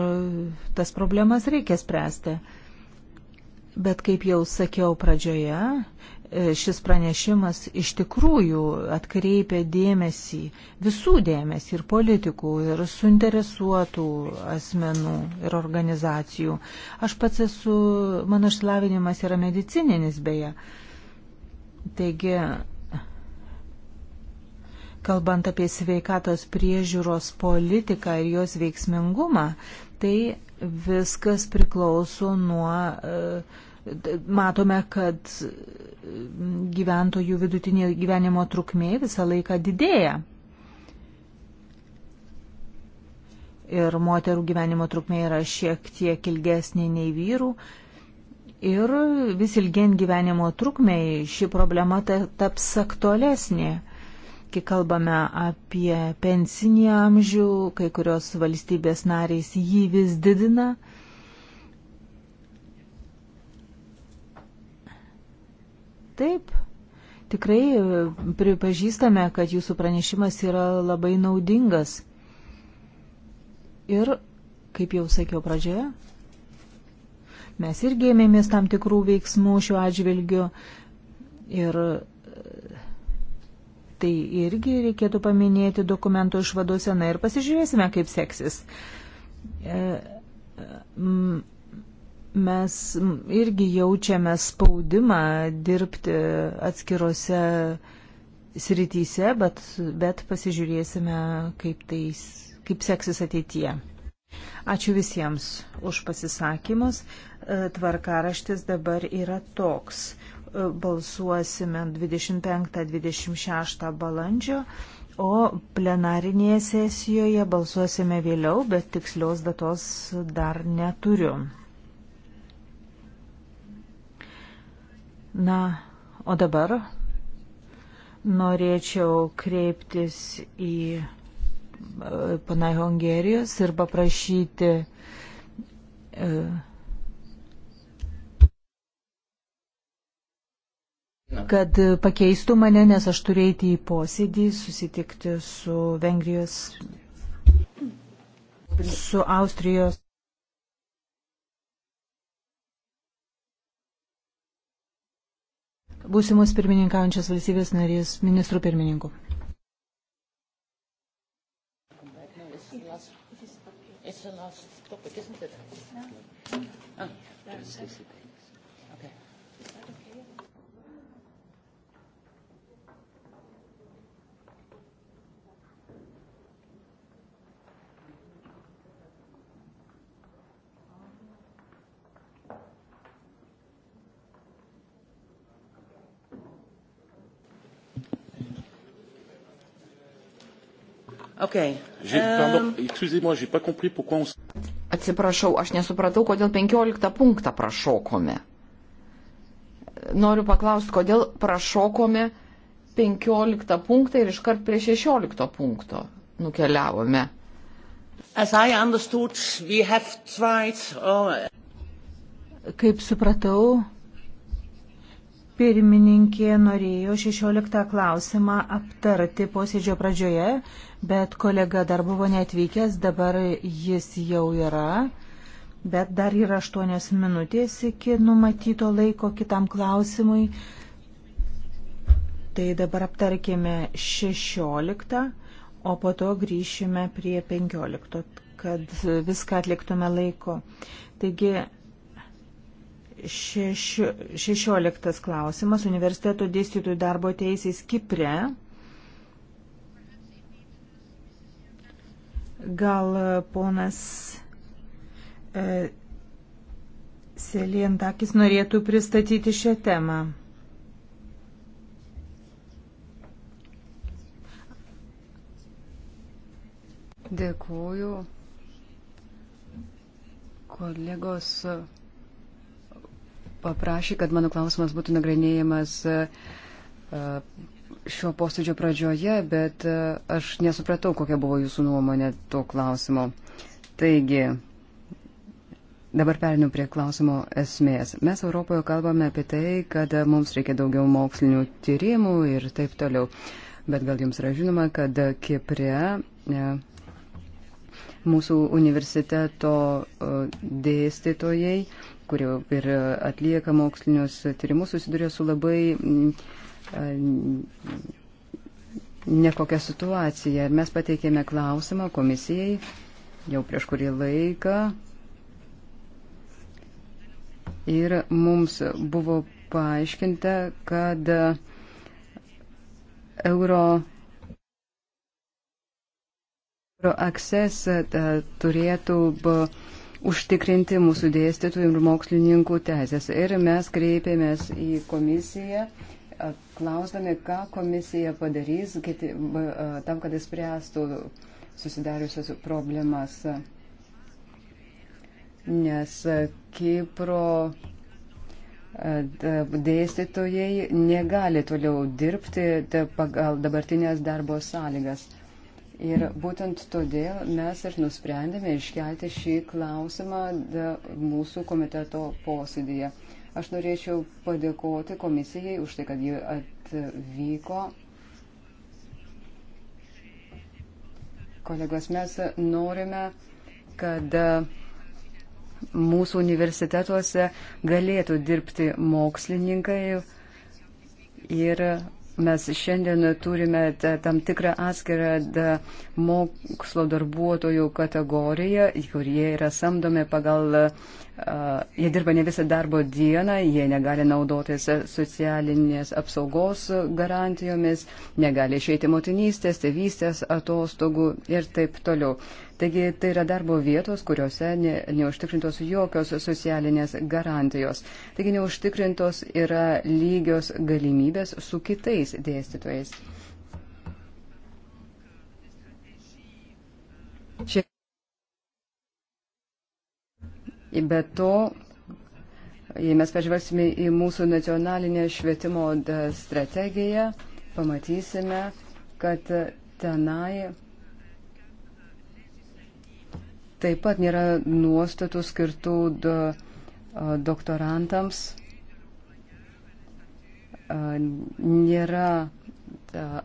tas problemas reikia spręsti. Bet kaip jau sakiau pradžioje, e, šis pranešimas iš tikrųjų atkreipia dėmesį, visų dėmesį ir politikų, ir suinteresuotų asmenų ir organizacijų. Aš pats esu, mano išsilavinimas yra medicininis beje. Taigi, kalbant apie sveikatos priežiūros politiką ir jos veiksmingumą, tai viskas priklauso nuo, e, matome, kad e, gyventojų vidutinė gyvenimo trukmė visą laiką didėja. Ir moterų gyvenimo trukmė yra šiek tiek ilgesnė nei vyrų. Ir vis ilgien gyvenimo trukmei ši problema taps aktualesnė kai kalbame apie pensinį amžių, kai kurios valstybės narys jį vis didina. Taip, tikrai pripažįstame, kad jūsų pranešimas yra labai naudingas. Ir, kaip jau sakiau pradžioje, mes irgi ėmėmės tam tikrų veiksmų šiuo atžvilgiu ir Tai irgi reikėtų paminėti dokumento išvadose, na ir pasižiūrėsime, kaip seksis. E, mes irgi jaučiame spaudimą dirbti atskirose srityse, bet, bet pasižiūrėsime, kaip, tai, kaip seksis ateityje. Ačiū visiems už pasisakymus. E, tvarkaraštis dabar yra toks balsuosime 25-26 balandžio, o plenarinėje sesijoje balsuosime vėliau, bet tikslios datos dar neturiu. Na, o dabar norėčiau kreiptis į e, pana Hongerijos ir paprašyti e, kad pakeistų mane, nes aš turiu eiti į posėdį, susitikti su Vengrijos, su Austrijos. Būsimos pirmininkaujančios valstybės narės ministrų pirmininkų. Okay. Um... Excusez-moi, j'ai pas compris pourquoi on... Atsiprašau, aš nesupratau, kodėl 15 punktą prašokome. Noriu paklausti, kodėl prašokome 15 punktą ir iškart prie 16 punkto nukeliavome. Tried, oh... Kaip supratau, Pirmininkė norėjo 16 klausimą aptarti posėdžio pradžioje, bet kolega dar buvo neatvykęs, dabar jis jau yra. Bet dar yra 8 minutės iki numatyto laiko kitam klausimui. Tai dabar aptarkime 16, o po to grįšime prie 15, kad viską atliktume laiko. Taigi Šešioliktas klausimas. Universiteto dėstytojų darbo teisės Kipre. Gal e, ponas e, Selientakis norėtų pristatyti šią temą. Dėkuoju kolegos paprašė, kad mano klausimas būtų nagrinėjamas e, e, šio posėdžio pradžioje, bet e, aš nesupratau, kokia buvo jūsų nuomonė tuo klausimu. Taigi, Dabar perinu prie klausimo esmės. Mes Europoje kalbame apie tai, kad mums reikia daugiau mokslinių tyrimų ir taip toliau. Bet gal jums yra žinoma, kad Kipre mūsų universiteto dėstytojai kuri ir atlieka mokslinius tyrimus, susiduria su labai mm, nekokia situacija. Mes pateikėme klausimą komisijai jau prieš kurį laiką ir mums buvo paaiškinta, kad euro Access turėtų užtikrinti mūsų dėstytojų ir mokslininkų teisės. Ir mes kreipėmės į komisiją, klausdami, ką komisija padarys kiti, tam, kad įspręstų susidariusias problemas. Nes Kipro dėstytojai negali toliau dirbti pagal dabartinės darbo sąlygas. Ir būtent todėl mes ir nusprendėme iškelti šį klausimą mūsų komiteto posėdėje. Aš norėčiau padėkoti komisijai už tai, kad ji atvyko. Kolegos, mes norime, kad mūsų universitetuose galėtų dirbti mokslininkai ir mes šiandien turime tam tikrą atskirą mokslo darbuotojų kategoriją, kurie yra samdomi pagal, jie dirba ne visą darbo dieną, jie negali naudotis socialinės apsaugos garantijomis, negali išeiti motinystės, tėvystės atostogų ir taip toliau. Taigi tai yra darbo vietos, kuriuose ne, neužtikrintos jokios socialinės garantijos. Taigi neužtikrintos yra lygios galimybės su kitais dėstytojais. Čia. Be to, jei mes pažvelgsime į mūsų nacionalinę švietimo strategiją, pamatysime, kad tenai Taip pat nėra nuostatų skirtų do, doktorantams, nėra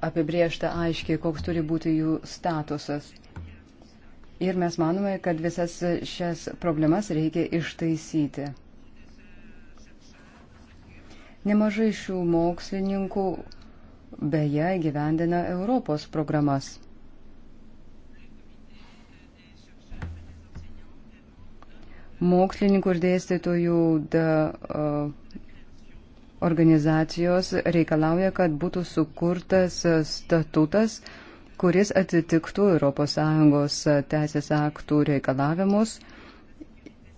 apibriešta aiškiai, koks turi būti jų statusas. Ir mes manome, kad visas šias problemas reikia ištaisyti. Nemažai šių mokslininkų beje gyvendina Europos programas. mokslininkų ir dėstytojų da, organizacijos reikalauja, kad būtų sukurtas statutas, kuris atitiktų ES teisės aktų reikalavimus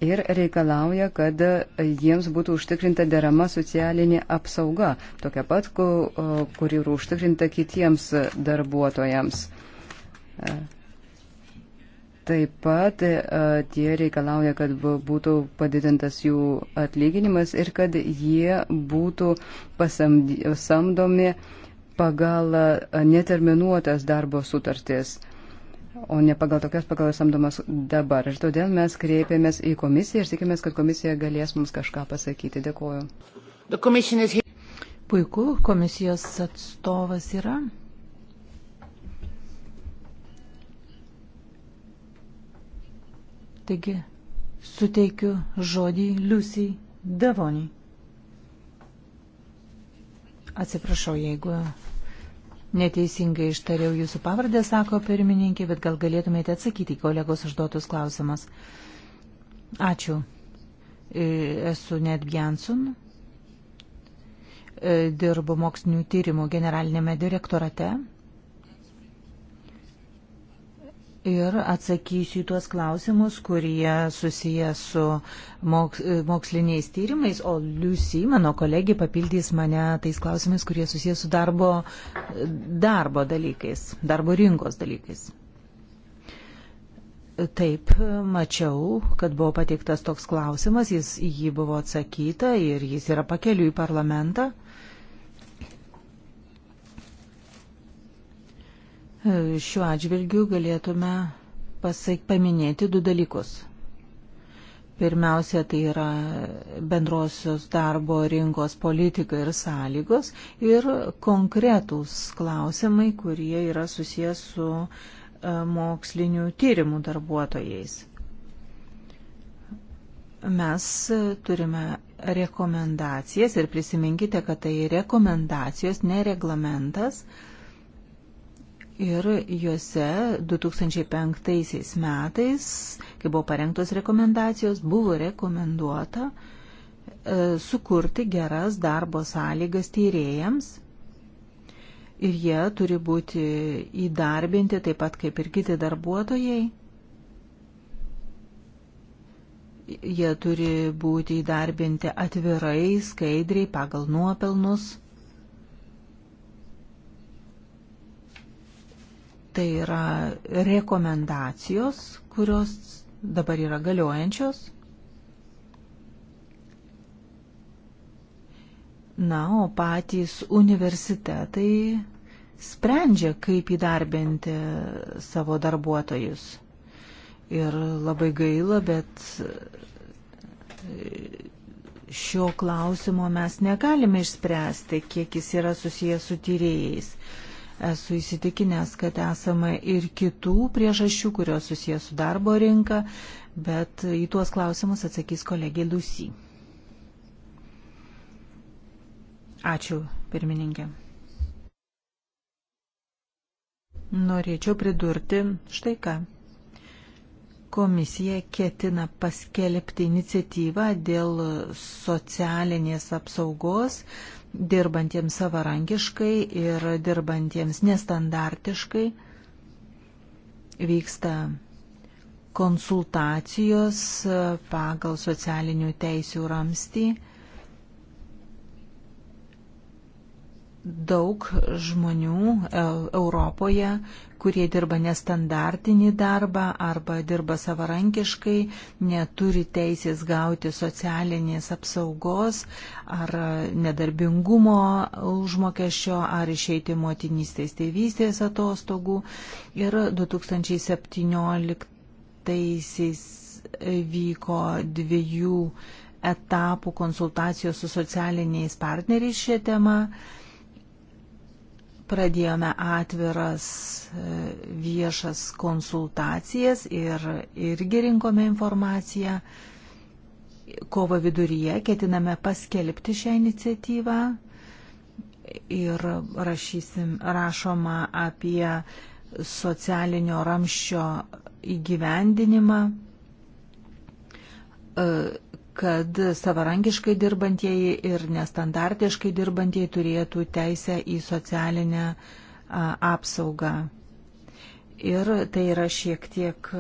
ir reikalauja, kad jiems būtų užtikrinta derama socialinė apsauga, tokia pat, kuri yra užtikrinta kitiems darbuotojams. Taip pat e, tie reikalauja, kad būtų padidintas jų atlyginimas ir kad jie būtų pasamdomi pagal e, neterminuotas darbo sutartis, o ne pagal tokias, pagal samdomas dabar. Ir todėl mes kreipėmės į komisiją ir tikimės, kad komisija galės mums kažką pasakyti. Dėkuoju. Puiku, komisijos atstovas yra. Taigi suteikiu žodį Liusiai Devoniai. Atsiprašau, jeigu neteisingai ištariau jūsų pavardę, sako pirmininkė, bet gal galėtumėte atsakyti į kolegos užduotus klausimus. Ačiū. E, esu Net Bjansun. E, dirbu mokslinių tyrimų generalinėme direktorate ir atsakysiu į tuos klausimus, kurie susiję su moks, moksliniais tyrimais, o Liusi, mano kolegė, papildys mane tais klausimais, kurie susiję su darbo, darbo dalykais, darbo rinkos dalykais. Taip, mačiau, kad buvo pateiktas toks klausimas, jis, jį buvo atsakyta ir jis yra pakeliu į parlamentą. šiuo atžvilgiu galėtume pasaik, paminėti du dalykus. Pirmiausia, tai yra bendrosios darbo rinkos politika ir sąlygos ir konkretūs klausimai, kurie yra susijęs su e, mokslinių tyrimų darbuotojais. Mes turime rekomendacijas ir prisiminkite, kad tai rekomendacijos, nereglamentas. reglamentas Ir juose 2005 metais, kai buvo parengtos rekomendacijos, buvo rekomenduota e, sukurti geras darbo sąlygas tyrėjams. Ir jie turi būti įdarbinti taip pat kaip ir kiti darbuotojai. Jie turi būti įdarbinti atvirai, skaidriai, pagal nuopelnus. Tai yra rekomendacijos, kurios dabar yra galiojančios. Na, o patys universitetai sprendžia, kaip įdarbinti savo darbuotojus. Ir labai gaila, bet šio klausimo mes negalime išspręsti, kiek jis yra susijęs su tyrėjais. Esu įsitikinęs, kad esame ir kitų priežasčių, kurios susijęs su darbo rinka, bet į tuos klausimus atsakys kolegė Liusy. Ačiū, pirmininkė. Norėčiau pridurti štai ką komisija ketina paskelbti iniciatyvą dėl socialinės apsaugos dirbantiems savarankiškai ir dirbantiems nestandartiškai. Vyksta konsultacijos e, pagal socialinių teisių ramstį daug žmonių e, Europoje, kurie dirba nestandartinį darbą arba dirba savarankiškai, neturi teisės gauti socialinės apsaugos ar nedarbingumo užmokesčio ar išeiti motinystės tėvystės atostogų. Ir 2017 vyko dviejų etapų konsultacijos su socialiniais partneriais šią temą pradėjome atviras e, viešas konsultacijas ir irgi rinkome informaciją. Kovo viduryje ketiname paskelbti šią iniciatyvą ir rašysim, rašoma apie socialinio ramščio įgyvendinimą e, kad savarankiškai dirbantieji ir nestandartiškai dirbantieji turėtų teisę į socialinę apsaugą. Ir tai yra šiek tiek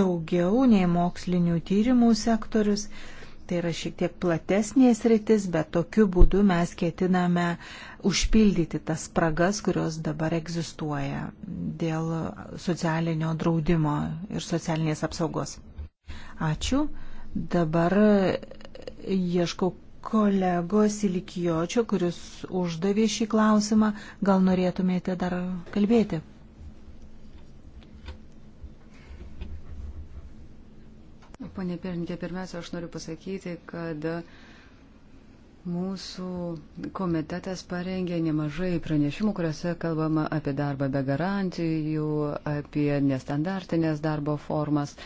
daugiau nei mokslinių tyrimų sektorius. Tai yra šiek tiek platesnės rytis, bet tokiu būdu mes ketiname užpildyti tas spragas, kurios dabar egzistuoja dėl socialinio draudimo ir socialinės apsaugos. Ačiū. Dabar ieškau kolegos Ilikijočio, kuris uždavė šį klausimą. Gal norėtumėte dar kalbėti? Pane Pirmininkė, pirmiausia, aš noriu pasakyti, kad mūsų komitetas parengė nemažai pranešimų, kuriuose kalbama apie darbą be garantijų, apie nestandartinės darbo formas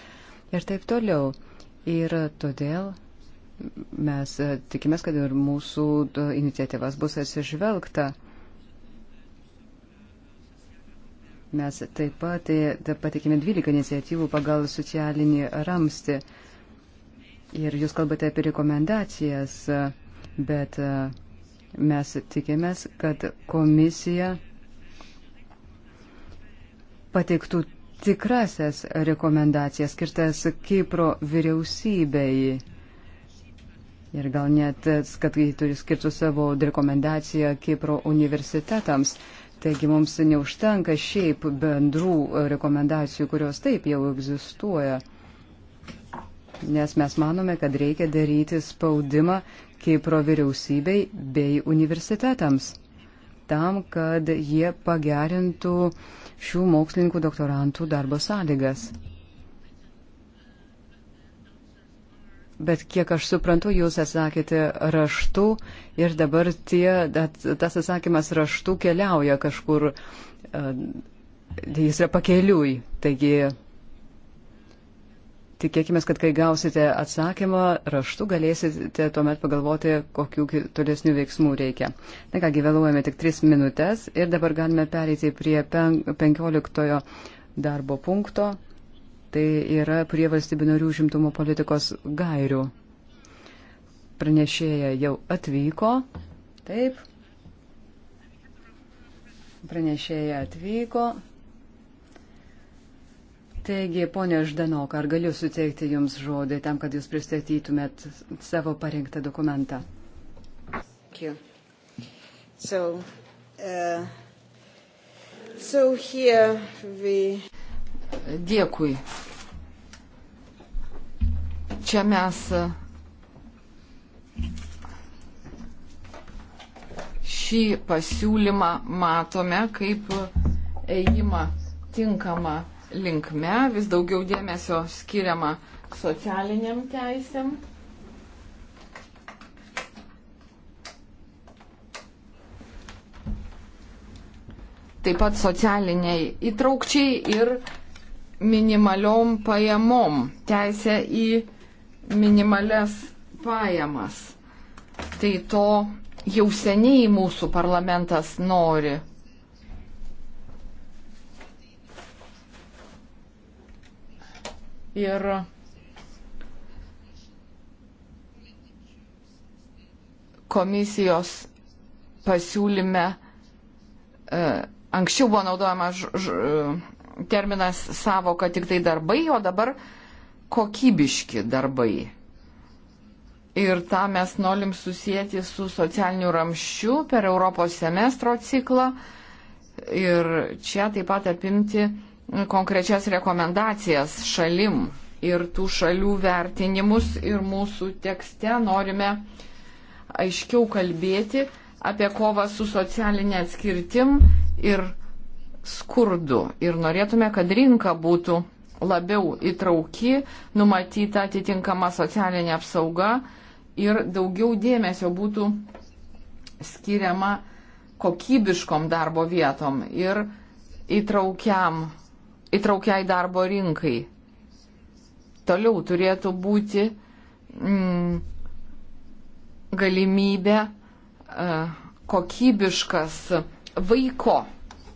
ir taip toliau. Ir todėl mes tikimės, kad ir mūsų e, iniciatyvas bus atsižvelgta. Mes taip pat e, patikime 12 iniciatyvų pagal socialinį ramstį. Ir jūs kalbate apie rekomendacijas, bet e, mes tikimės, kad komisija pateiktų tikrasias rekomendacijas skirtas Kipro vyriausybei. Ir gal net, kad jį turi skirtų savo rekomendaciją Kipro universitetams. Taigi mums neužtenka šiaip bendrų rekomendacijų, kurios taip jau egzistuoja. Nes mes manome, kad reikia daryti spaudimą Kipro vyriausybei bei universitetams tam, kad jie pagerintų šių mokslininkų doktorantų darbo sąlygas. Bet kiek aš suprantu, jūs atsakėte raštu ir dabar tie, tas atsakymas raštu keliauja kažkur, e, jis yra pakeliui. Taigi Tikėkime, kad kai gausite atsakymą raštu, galėsite tuomet pagalvoti, kokių tolesnių veiksmų reikia. Na ką, gyveluojame tik 3 minutės ir dabar galime pereiti prie 15 darbo punkto. Tai yra prie valstybinarių žimtumo politikos gairių. Pranešėja jau atvyko. Taip. Pranešėja atvyko. Taigi, ponė Ždanok, ar galiu suteikti Jums žodį tam, kad Jūs pristatytumėt savo parengtą dokumentą? So, uh, so we... Dėkui. Čia mes uh, šį pasiūlymą matome kaip ėjimą tinkamą linkme, vis daugiau dėmesio skiriama socialiniam teisėm. Taip pat socialiniai įtraukčiai ir minimaliom pajamom, teisė į minimales pajamas. Tai to jau seniai mūsų parlamentas nori. ir komisijos pasiūlyme e, anksčiau buvo naudojamas e, terminas savoka tik tai darbai, o dabar kokybiški darbai. Ir tą mes norim susijęti su socialiniu ramščiu per Europos semestro ciklą ir čia taip pat apimti konkrečias rekomendacijas šalim ir tų šalių vertinimus ir mūsų tekste norime aiškiau kalbėti apie kovą su socialinė atskirtim ir skurdu. Ir norėtume, kad rinka būtų labiau įtrauki, numatyta atitinkama socialinė apsauga ir daugiau dėmesio būtų skiriama kokybiškom darbo vietom ir įtraukiam įtraukiai darbo rinkai. Toliau turėtų būti mm, galimybė uh, kokybiškas vaiko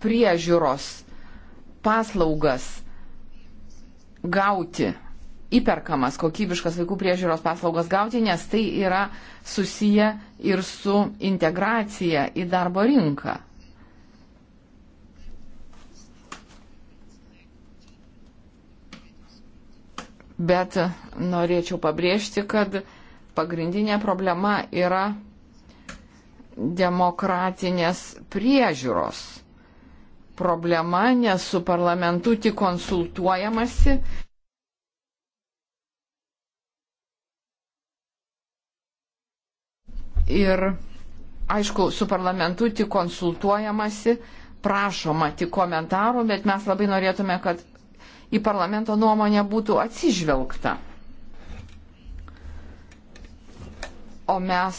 priežiūros paslaugas gauti, įperkamas kokybiškas vaikų priežiūros paslaugas gauti, nes tai yra susiję ir su integracija į darbo rinką. Bet norėčiau pabrėžti, kad pagrindinė problema yra demokratinės priežiūros problema, nes su parlamentu tik konsultuojamasi. Ir aišku, su parlamentu tik konsultuojamasi, prašoma tik komentarų, bet mes labai norėtume, kad į parlamento nuomonę būtų atsižvelgta. O mes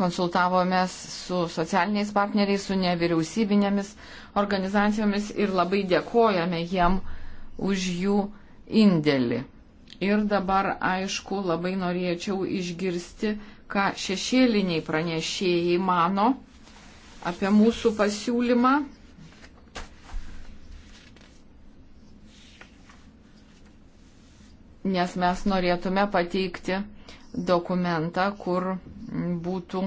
konsultavomės su socialiniais partneriais, su nevyriausybinėmis organizacijomis ir labai dėkojame jiem už jų indėlį. Ir dabar, aišku, labai norėčiau išgirsti, ką šešėliniai pranešėjai mano apie mūsų pasiūlymą. nes mes norėtume pateikti dokumentą, kur būtų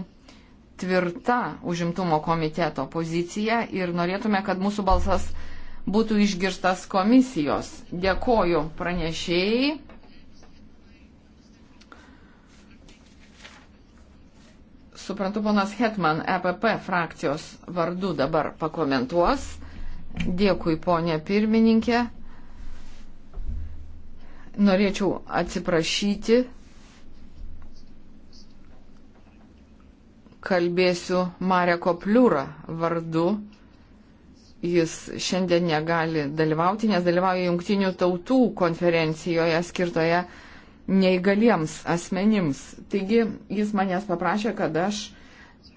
tvirta užimtumo komiteto pozicija ir norėtume, kad mūsų balsas būtų išgirstas komisijos. Dėkoju pranešėjai. Suprantu, ponas Hetman, EPP frakcijos vardu dabar pakomentuos. Dėkui, ponė pirmininkė norėčiau atsiprašyti. Kalbėsiu Mareko Pliūrą vardu. Jis šiandien negali dalyvauti, nes dalyvauja Junktinių tautų konferencijoje skirtoje neįgaliems asmenims. Taigi jis manęs paprašė, kad aš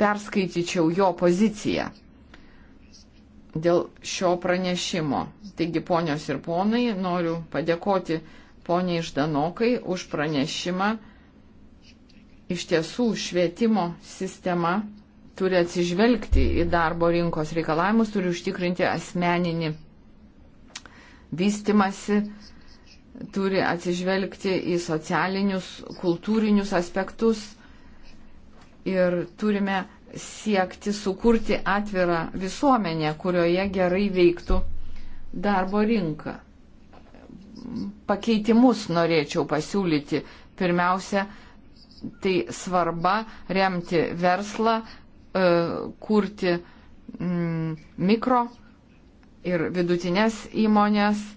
perskaityčiau jo poziciją dėl šio pranešimo. Taigi, ponios ir ponai, noriu padėkoti poniai Ždanokai už pranešimą. Iš tiesų, švietimo sistema turi atsižvelgti į darbo rinkos reikalavimus, turi užtikrinti asmeninį vystimasi, turi atsižvelgti į socialinius, kultūrinius aspektus ir turime siekti sukurti atvirą visuomenę, kurioje gerai veiktų darbo rinka pakeitimus norėčiau pasiūlyti. Pirmiausia, tai svarba remti verslą, e, kurti mm, mikro ir vidutinės įmonės, e,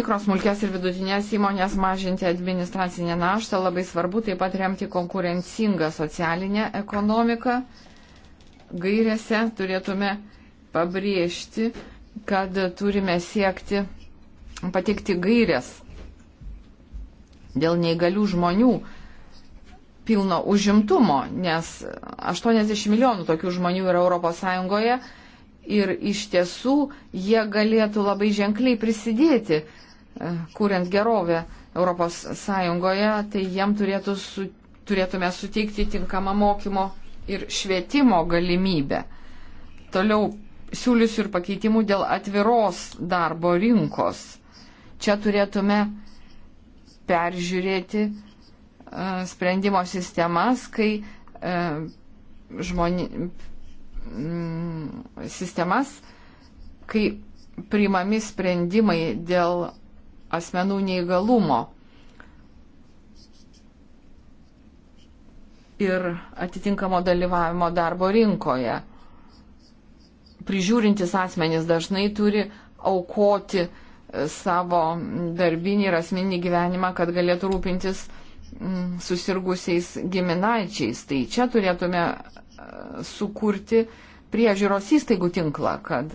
mikrosmulkės ir vidutinės įmonės mažinti administracinę naštą. Labai svarbu taip pat remti konkurencingą socialinę ekonomiką. Gairėse turėtume pabrėžti, kad turime siekti pateikti gairės dėl neįgalių žmonių pilno užimtumo, nes 80 milijonų tokių žmonių yra ES ir iš tiesų jie galėtų labai ženkliai prisidėti, e, kuriant gerovę ES, tai jiem turėtų su, turėtume suteikti tinkamą mokymo ir švietimo galimybę. Toliau siūlysiu ir pakeitimų dėl atviros darbo rinkos. Čia turėtume peržiūrėti e, sprendimo sistemas, kai e, žmoni, mm, sistemas, kai priimami sprendimai dėl asmenų neįgalumo. Ir atitinkamo dalyvavimo darbo rinkoje. Prižiūrintis asmenys dažnai turi aukoti uh, savo darbinį ir asmeninį gyvenimą, kad galėtų rūpintis mm, susirgusiais giminaičiais. Tai čia turėtume e, sukurti priežiūros įstaigų tinklą, kad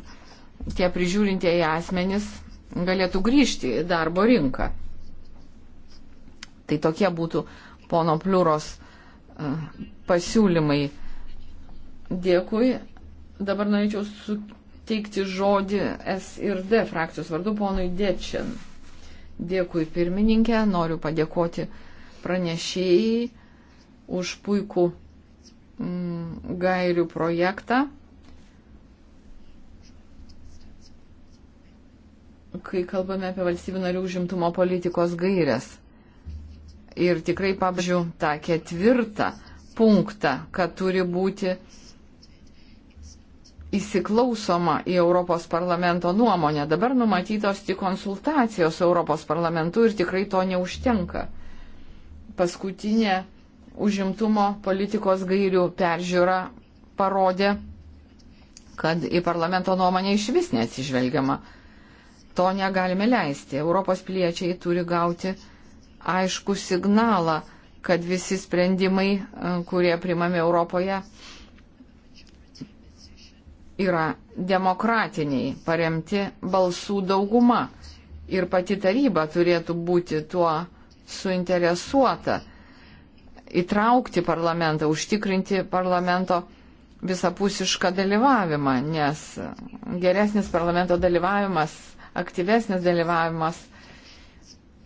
tie prižiūrintieji asmenys galėtų grįžti į darbo rinką. Tai tokie būtų pono Pliuros e, pasiūlymai. Dėkui. Dabar norėčiau su suteikti žodį S ir D frakcijos vardu ponui Dečin. Dėkui pirmininkė, noriu padėkoti pranešėjai už puikų mm, gairių projektą. Kai kalbame apie valstybių narių užimtumo politikos gairias. Ir tikrai pabrėžiu tą ketvirtą punktą, kad turi būti įsiklausoma į Europos parlamento nuomonę. Dabar numatytos tik konsultacijos Europos parlamentu ir tikrai to neužtenka. Paskutinė užimtumo politikos gairių peržiūra parodė, kad į parlamento nuomonę iš vis neatsižvelgiama. To negalime leisti. Europos piliečiai turi gauti aišku signalą, kad visi sprendimai, kurie primami Europoje, yra demokratiniai, paremti balsų dauguma. Ir pati taryba turėtų būti tuo suinteresuota įtraukti parlamentą, užtikrinti parlamento visapusišką dalyvavimą, nes geresnis parlamento dalyvavimas, aktyvesnis dalyvavimas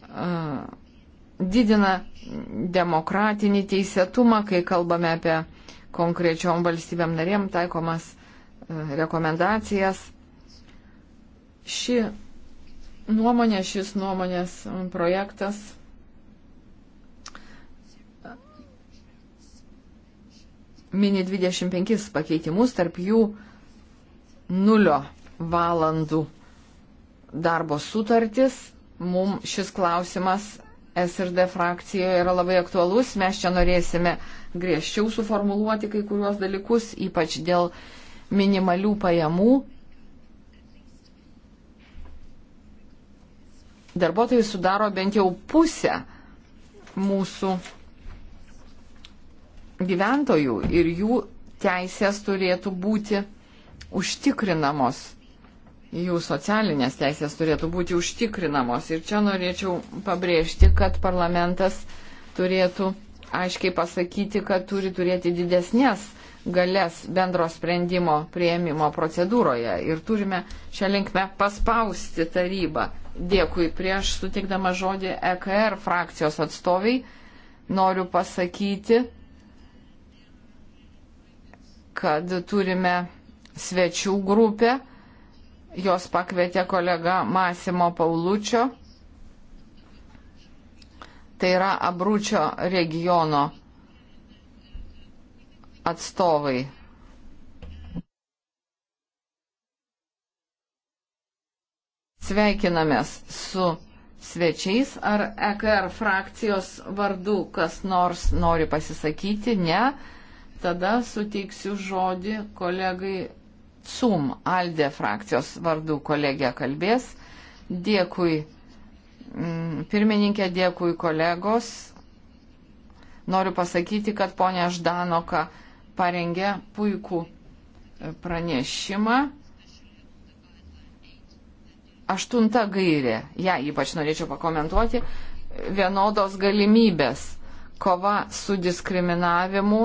uh, didina demokratinį teisėtumą, kai kalbame apie konkrečiom valstybėm narėm taikomas rekomendacijas. Ši nuomonė, šis nuomonės projektas mini 25 pakeitimus, tarp jų nulio valandų darbo sutartis. Mums šis klausimas SRD frakcijoje yra labai aktualus. Mes čia norėsime griežčiau suformuluoti kai kuriuos dalykus, ypač dėl uh, minimalių pajamų. Darbuotojai sudaro bent jau pusę mūsų gyventojų ir jų teisės turėtų būti užtikrinamos, jų socialinės teisės turėtų būti užtikrinamos. Ir čia norėčiau pabrėžti, kad parlamentas turėtų aiškiai pasakyti, kad turi turėti didesnės galės bendro sprendimo prieimimo procedūroje ir turime šią linkmę paspausti tarybą. Dėkui. Prieš sutikdama žodį EKR frakcijos atstoviai noriu pasakyti, kad turime svečių grupę. Jos pakvietė kolega Masimo Paulučio. Tai yra Abručio regiono atstovai. Sveikinamės su svečiais. Ar EKR frakcijos vardu kas nors nori pasisakyti? Ne. Tada suteiksiu žodį kolegai CUM Alde frakcijos vardu kolegė kalbės. Dėkui mm, pirmininkė, dėkui kolegos. Noriu pasakyti, kad ponia Ždanoka parengė puikų e, pranešimą. Aštunta gairė, ją ja, ypač norėčiau pakomentuoti, e, vienodos galimybės kova su diskriminavimu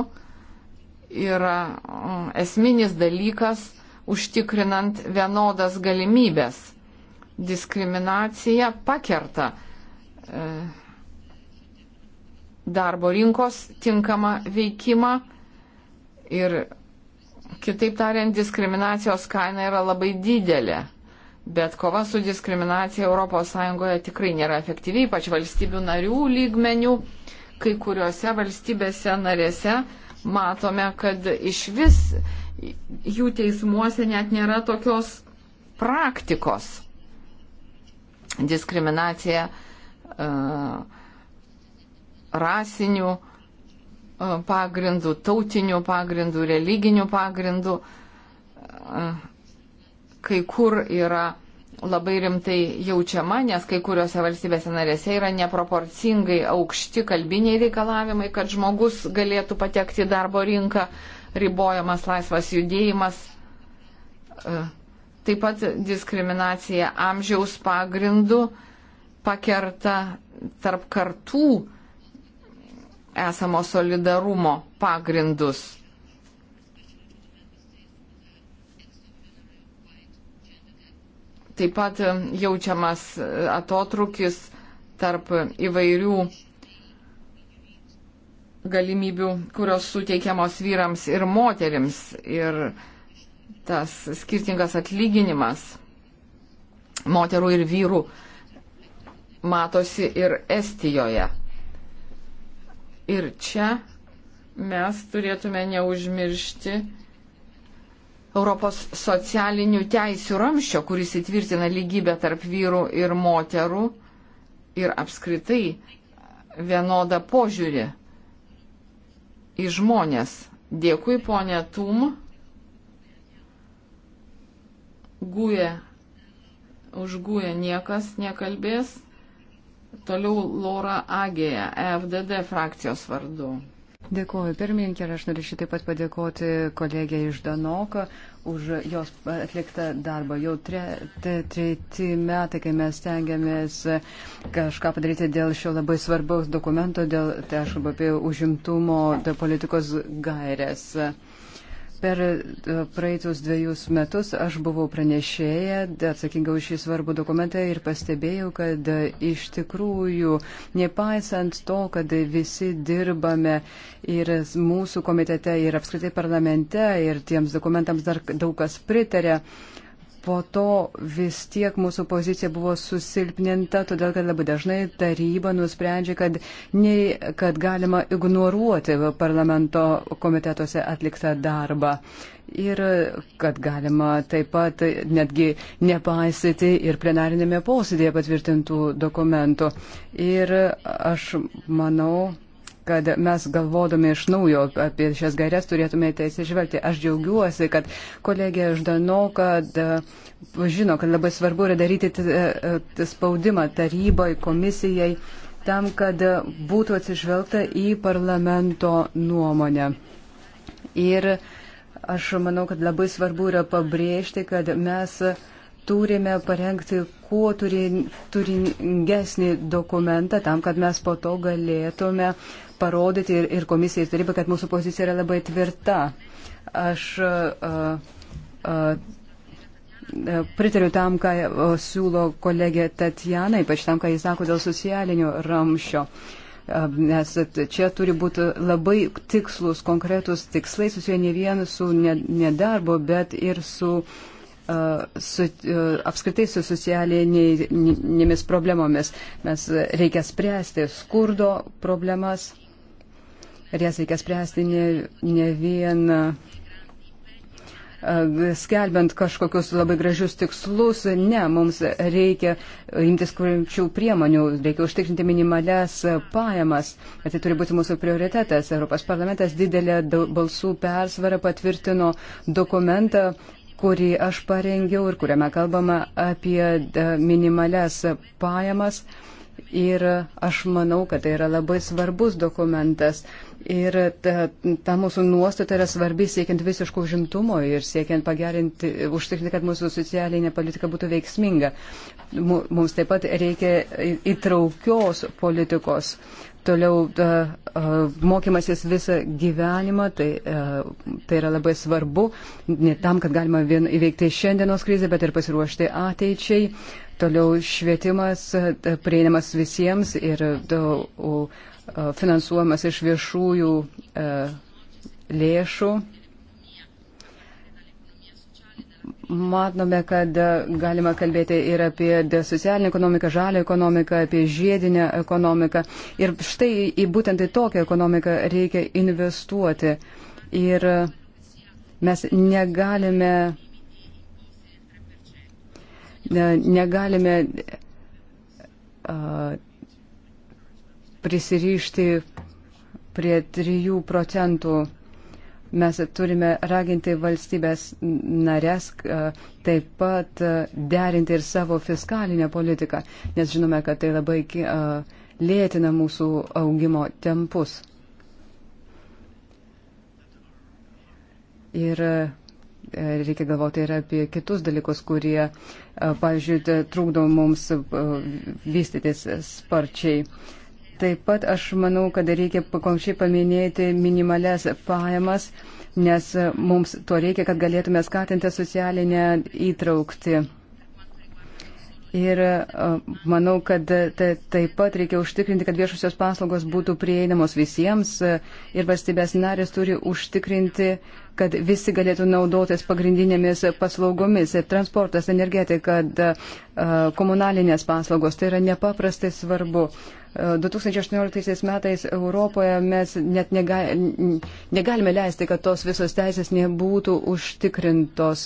yra mm, esminis dalykas užtikrinant vienodas galimybės. Diskriminacija pakerta e, darbo rinkos tinkamą veikimą Ir kitaip tariant, diskriminacijos kaina yra labai didelė. Bet kova su diskriminacija ES tikrai nėra efektyviai, ypač valstybių narių lygmenių. Kai kuriuose valstybėse narėse matome, kad iš vis jų teismuose net nėra tokios praktikos. Diskriminacija uh, rasinių E, pagrindų, tautinių pagrindų, religinių pagrindų. E, kai kur yra labai rimtai jaučiama, nes kai kuriuose valstybėse narėse yra neproporcingai aukšti kalbiniai reikalavimai, kad žmogus galėtų patekti į darbo rinką, ribojamas laisvas judėjimas. E, taip pat diskriminacija amžiaus pagrindų pakerta tarp kartų esamo solidarumo pagrindus. Taip pat jaučiamas atotrukis tarp įvairių galimybių, kurios suteikiamos vyrams ir moterims ir tas skirtingas atlyginimas moterų ir vyrų matosi ir Estijoje. Ir čia mes turėtume neužmiršti Europos socialinių teisių ramščio, kuris įtvirtina lygybę tarp vyrų ir moterų ir apskritai vienodą požiūrį į žmonės. Dėkui, ponė Tum. Gūja, už gūją niekas nekalbės. Toliau Laura Agėja, e FDD frakcijos vardu. Dėkuoju pirmininkė ir aš norėčiau taip pat padėkoti kolegiai iš Danoko už jos atliktą darbą. Jau treti metai, kai mes tengiamės kažką padaryti dėl šio labai svarbaus dokumento, dėl, tai aš kalbu apie užimtumo politikos gairės. Per e, praeitus dviejus metus aš buvau pranešėję, atsakinga už šį svarbų dokumentą ir pastebėjau, kad e, iš tikrųjų, nepaisant to, kad visi dirbame ir mūsų komitete, ir apskritai parlamente, ir tiems dokumentams dar daug kas pritarė, uh, po to vis tiek mūsų pozicija buvo susilpninta, todėl kad labai dažnai taryba nusprendžia, kad, nei, kad galima ignoruoti parlamento komitetuose atliktą darbą. Ir kad galima taip pat netgi nepaisyti ir plenarinėme posėdėje patvirtintų dokumentų. Ir aš manau, kad mes galvodami iš naujo apie šias gairias turėtume teisę žvelgti. Aš džiaugiuosi, kad kolegė Ždanoka žino, kad labai svarbu yra daryti e, e, spaudimą tarybai, komisijai, tam, kad būtų atsižvelgta į parlamento nuomonę. Ir aš manau, kad labai svarbu yra pabrėžti, kad mes turime parengti kuo turin, turingesnį dokumentą tam, kad mes po to galėtume parodyti ir, ir komisijai, ir tarybai, kad mūsų pozicija yra labai tvirta. Aš uh, uh, pritariu tam, ką uh, siūlo kolegė Tatjana, ypač tam, ką jis sako dėl socialinio ramšio. Uh, nes čia turi būti labai tikslus, konkretus tikslai susiję ne vien su nedarbo, bet ir su uh, su, apskritai su socialinėmis problemomis. Mes reikia spręsti skurdo problemas ir jas reikia spręsti ne, ne vien skelbiant kažkokius labai gražius tikslus. Ne, mums reikia imtis kurčių priemonių, reikia užtikrinti minimales pajamas. Tai turi būti mūsų prioritetas. Europos parlamentas didelę balsų persvarą patvirtino dokumentą kurį aš parengiau ir kuriame kalbama apie minimales pajamas. Ir aš manau, kad tai yra labai svarbus dokumentas. Ir ta, ta mūsų nuostata yra svarbi siekiant visiško užimtumo ir siekiant pagerinti, užtikrinti, kad mūsų socialinė politika būtų veiksminga. Mums taip pat reikia įtraukios politikos. Toliau ta, mokymasis visą gyvenimą, tai, tai yra labai svarbu, ne tam, kad galima vien įveikti šiandienos krizę, bet ir pasiruošti ateičiai. Toliau švietimas prieinamas visiems ir. Ta, o, E, finansuojamas iš viešųjų e, lėšų. Matome, kad galima kalbėti ir apie socialinę ekonomiką, žalę ekonomiką, apie žiedinę ekonomiką. Ir štai į būtent į tokią ekonomiką reikia investuoti. Ir mes negalime, negalime uh, prisirišti prie 3 procentų. Mes turime raginti valstybės narės e, taip pat e, derinti ir savo fiskalinę politiką, nes žinome, kad tai labai e, lėtina mūsų augimo tempus. Ir reikia galvoti ir apie kitus dalykus, kurie, pavyzdžiui, trukdo mums vystytis sparčiai. Taip pat aš manau, kad reikia pakonšiai paminėti minimales pajamas, nes mums to reikia, kad galėtume skatinti socialinę įtraukti. Ir manau, kad taip pat reikia užtikrinti, kad viešusios paslaugos būtų prieinamos visiems ir valstybės narės turi užtikrinti, kad visi galėtų naudotis pagrindinėmis paslaugomis - transportas, energetika, komunalinės paslaugos. Tai yra nepaprastai svarbu. 2018 metais Europoje mes net nega, negalime leisti, kad tos visos teisės nebūtų užtikrintos.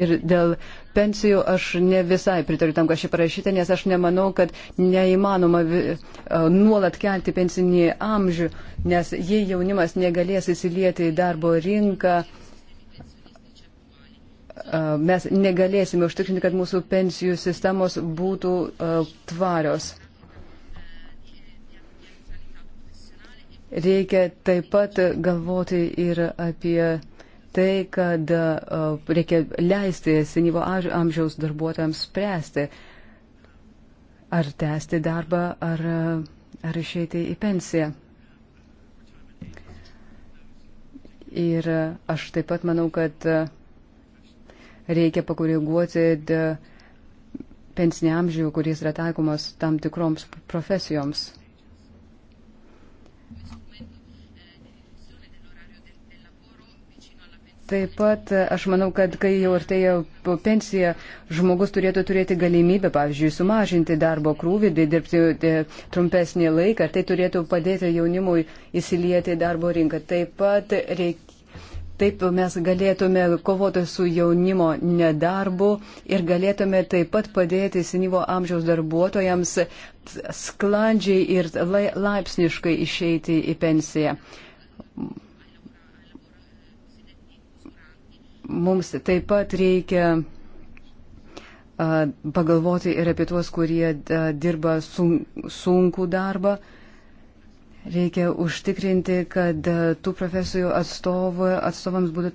Ir dėl pensijų aš ne visai pritariu tam, kas čia parašyta, nes aš nemanau, kad neįmanoma nuolat kelti pensinį amžių, nes jei jaunimas negalės įsilieti į darbo rinką, uh, E, mes negalėsime užtikrinti, kad mūsų pensijų sistemos būtų e, tvarios. Reikia taip pat galvoti ir apie tai, kad e, reikia leisti senyvo amžiaus darbuotojams spręsti, ar tęsti darbą, ar, ar išeiti į pensiją. Ir aš taip pat manau, kad uh, reikia pakoreguoti pensinį amžių, kuris yra taikomas tam tikroms profesijoms. Taip pat aš manau, kad kai jau artėja pensija, žmogus turėtų turėti galimybę, pavyzdžiui, sumažinti darbo krūvį, dirbti trumpesnį laiką, tai turėtų padėti jaunimui įsilieti į darbo rinką. Taip pat reikia Taip mes galėtume kovoti su jaunimo nedarbu ir galėtume taip pat padėti senyvo amžiaus darbuotojams sklandžiai ir laipsniškai išeiti į pensiją. Mums taip pat reikia pagalvoti ir apie tuos, kurie dirba sun, sunkų darbą. Reikia užtikrinti, kad tų profesijų atstovų, atstovams būtų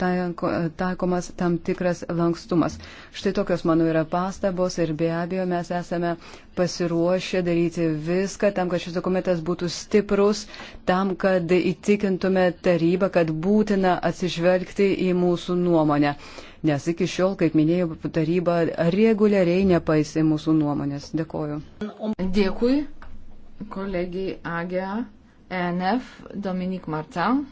taikomas tam tikras lankstumas. Štai tokios mano yra pastabos ir be abejo mes esame pasiruošę daryti viską tam, kad šis dokumentas būtų stiprus, tam, kad įtikintume tarybą, kad būtina atsižvelgti į mūsų nuomonę. Nes iki šiol, kaip minėjau, taryba reguliariai nepaisė mūsų nuomonės. Dėkoju. Dėkui kolegijai AGA. ENF Dominik Martin.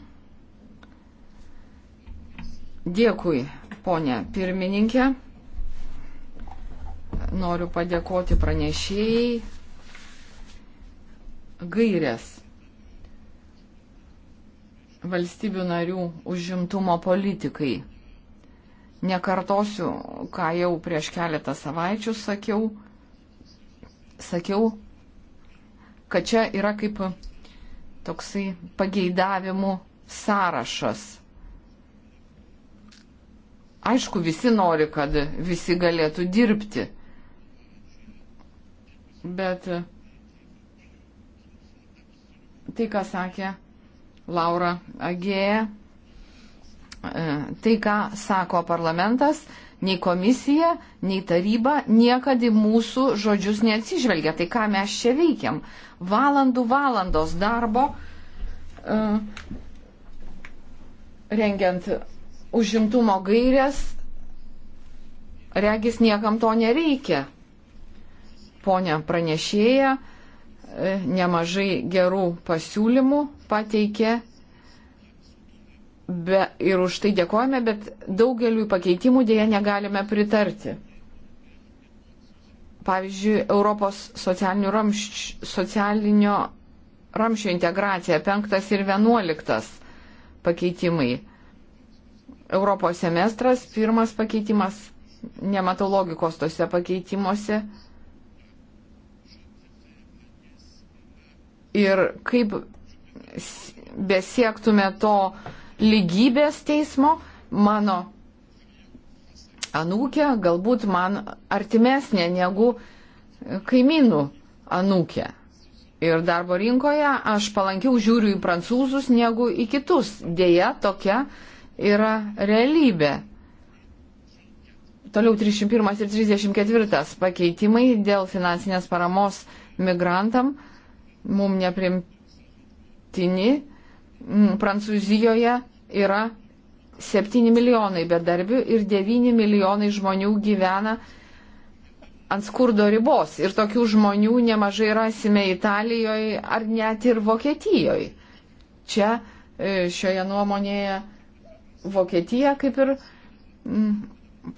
Dėkui, ponė pirmininkė. Noriu padėkoti pranešėjai. Gairės valstybių narių užimtumo politikai. Nekartosiu, ką jau prieš keletą savaičių sakiau. Sakiau, kad čia yra kaip toksai pageidavimų sąrašas. Aišku, visi nori, kad visi galėtų dirbti, bet tai, ką sakė Laura Agėja, e, tai, ką sako parlamentas, Nei komisija, nei taryba niekada į mūsų žodžius neatsižvelgia. Tai ką mes čia veikiam? Valandų valandos darbo uh, rengiant užimtumo gairias, regis niekam to nereikia. Pone pranešėja, e, nemažai gerų pasiūlymų pateikė Be, ir už tai dėkojame, bet daugeliu pakeitimų dėja negalime pritarti. Pavyzdžiui, Europos ramšč, socialinio ramščio integracija, penktas ir vienuoliktas pakeitimai. Europos semestras, pirmas pakeitimas, nematau logikos tose pakeitimuose. Ir kaip besiektume to lygybės teismo, mano anūkė galbūt man artimesnė negu kaimynų anūkė. Ir darbo rinkoje aš palankiau žiūriu į prancūzus negu į kitus. Deja, tokia yra realybė. Toliau 31 ir 34 pakeitimai dėl finansinės paramos migrantam mum neprimtini Mm, Prancūzijoje yra 7 milijonai bedarbių ir 9 milijonai žmonių gyvena ant skurdo ribos. Ir tokių žmonių nemažai rasime Italijoje ar net ir Vokietijoje. Čia e, šioje nuomonėje Vokietija kaip ir m, mm,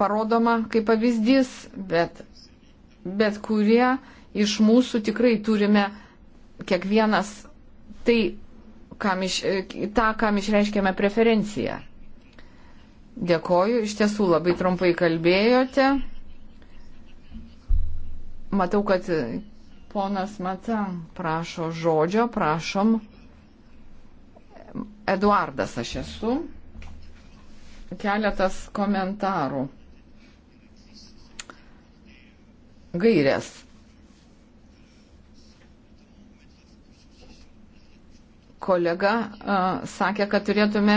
parodoma kaip pavyzdys, bet, bet kurie iš mūsų tikrai turime kiekvienas tai kam iš, e, tą, kam išreiškėme preferenciją. Dėkoju, iš tiesų labai trumpai kalbėjote. Matau, kad ponas Matan prašo žodžio, prašom. Eduardas aš esu. Keletas komentarų. Gairės kolega sakė, kad turėtume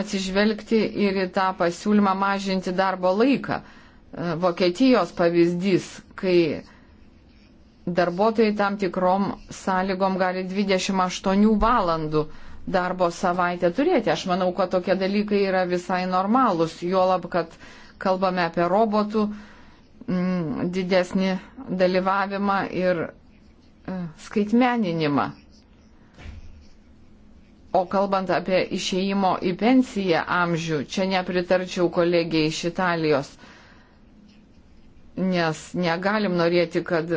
atsižvelgti ir į tą pasiūlymą mažinti darbo laiką. Vokietijos pavyzdys, kai darbuotojai tam tikrom sąlygom gali 28 valandų darbo savaitę turėti. Aš manau, kad tokie dalykai yra visai normalūs, juolab, kad kalbame apie robotų m, mm, didesnį dalyvavimą ir e, skaitmeninimą. O kalbant apie išėjimo į pensiją amžių, čia nepritarčiau kolegijai iš Italijos, nes negalim norėti, kad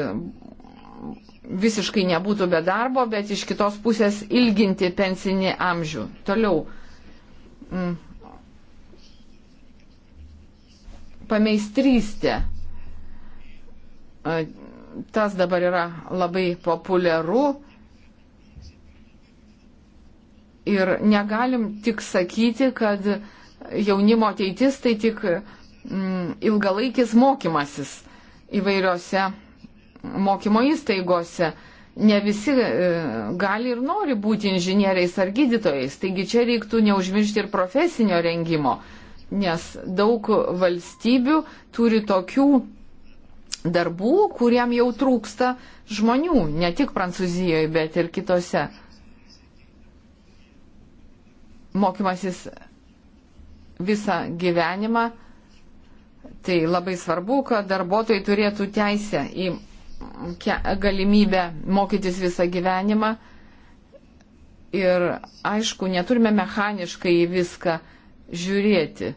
visiškai nebūtų be darbo, bet iš kitos pusės ilginti pensinį amžių. Toliau. Mm. Pameistrystė. E, tas dabar yra labai populiaru Ir negalim tik sakyti, kad jaunimo ateitis tai tik mm, ilgalaikis mokymasis įvairiose mokymo įstaigose. Ne visi e, gali ir nori būti inžinieriais ar gydytojais, taigi čia reiktų neužmiršti ir profesinio rengimo, nes daug valstybių turi tokių darbų, kuriam jau trūksta žmonių, ne tik Prancūzijoje, bet ir kitose mokymasis visą gyvenimą. Tai labai svarbu, kad darbuotojai turėtų teisę į galimybę mokytis visą gyvenimą. Ir aišku, neturime mechaniškai į viską žiūrėti.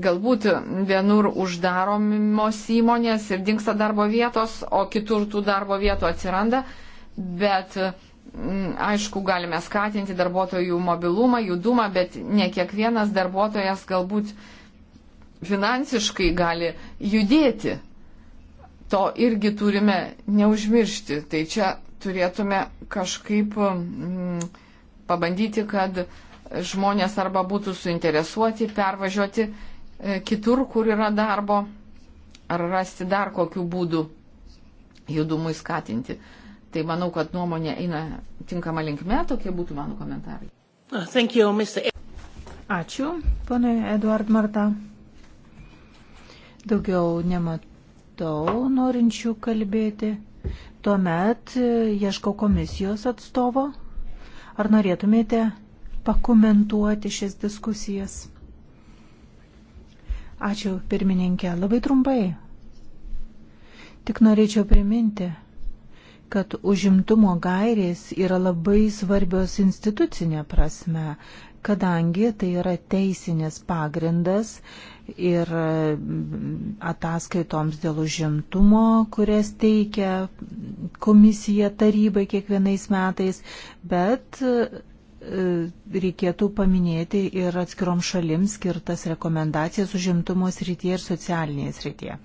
Galbūt vienur uždaromos įmonės ir dinksta darbo vietos, o kitur tų darbo vietų atsiranda, bet uh, Mm, aišku, galime skatinti darbuotojų mobilumą, judumą, bet ne kiekvienas darbuotojas galbūt finansiškai gali judėti. To irgi turime neužmiršti. Tai čia turėtume kažkaip mm, pabandyti, kad žmonės arba būtų suinteresuoti pervažiuoti e, kitur, kur yra darbo, ar rasti dar kokių būdų judumui skatinti. Tai manau, kad nuomonė eina tinkama linkme, tokie būtų mano komentarai. Ah, thank you, Mr. E- Ačiū, ponai Eduard Marta. Daugiau nematau norinčių kalbėti. Tuomet e, ieškau komisijos atstovo. Ar norėtumėte pakomentuoti šias diskusijas? Ačiū, pirmininkė. Labai trumpai. Tik norėčiau priminti, kad užimtumo gairės yra labai svarbios institucinė prasme, kadangi tai yra teisinės pagrindas ir mm, ataskaitoms dėl užimtumo, kurias teikia komisija tarybai kiekvienais metais, bet e, reikėtų paminėti ir atskirom šalim skirtas rekomendacijas užimtumo srityje ir socialinėje srityje.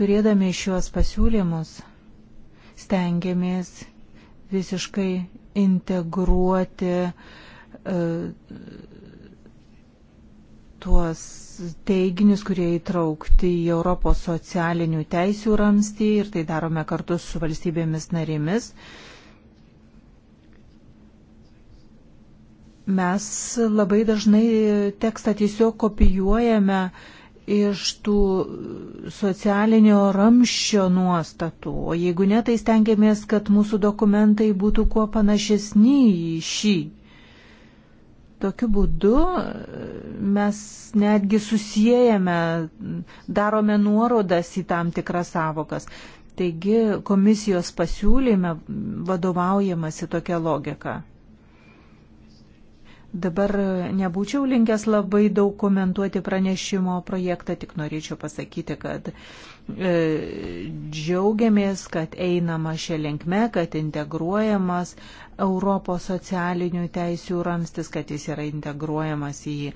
Turėdami šiuos pasiūlymus, stengiamės visiškai integruoti e, tuos teiginius, kurie įtraukti į Europos socialinių teisių ramstį ir tai darome kartu su valstybėmis narėmis. Mes labai dažnai tekstą tiesiog kopijuojame uh, iš tų socialinio ramščio nuostatų, o jeigu ne, tai stengiamės, kad mūsų dokumentai būtų kuo panašesni į šį. Tokiu būdu e, mes netgi susijęjame, darome nuorodas į tam tikras savokas. Taigi komisijos pasiūlyme vadovaujamasi tokia logika. Dabar nebūčiau linkęs labai daug komentuoti pranešimo projektą, tik norėčiau pasakyti, kad e, džiaugiamės, kad einama šią linkme, kad integruojamas Europos socialinių teisių ramstis, kad jis yra integruojamas į e,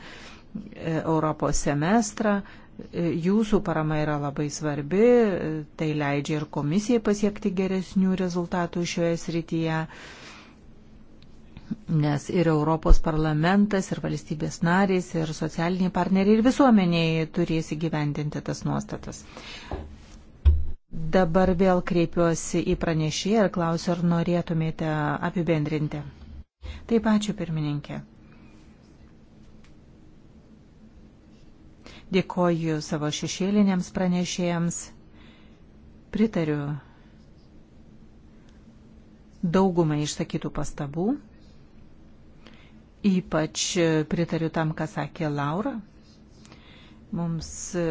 Europos semestrą. E, jūsų parama yra labai svarbi, e, tai leidžia ir komisijai pasiekti geresnių rezultatų šioje srityje. E, nes ir Europos parlamentas, ir valstybės narys, ir socialiniai partneriai, ir visuomeniai turės įgyvendinti tas nuostatas. Dabar vėl kreipiuosi į pranešėją ir klausiu, ar norėtumėte apibendrinti. Taip, ačiū pirmininkė. Dėkoju savo šešėliniams pranešėjams. Pritariu daugumai išsakytų pastabų. Ypač e, pritariu tam, ką sakė Laura. Mums e,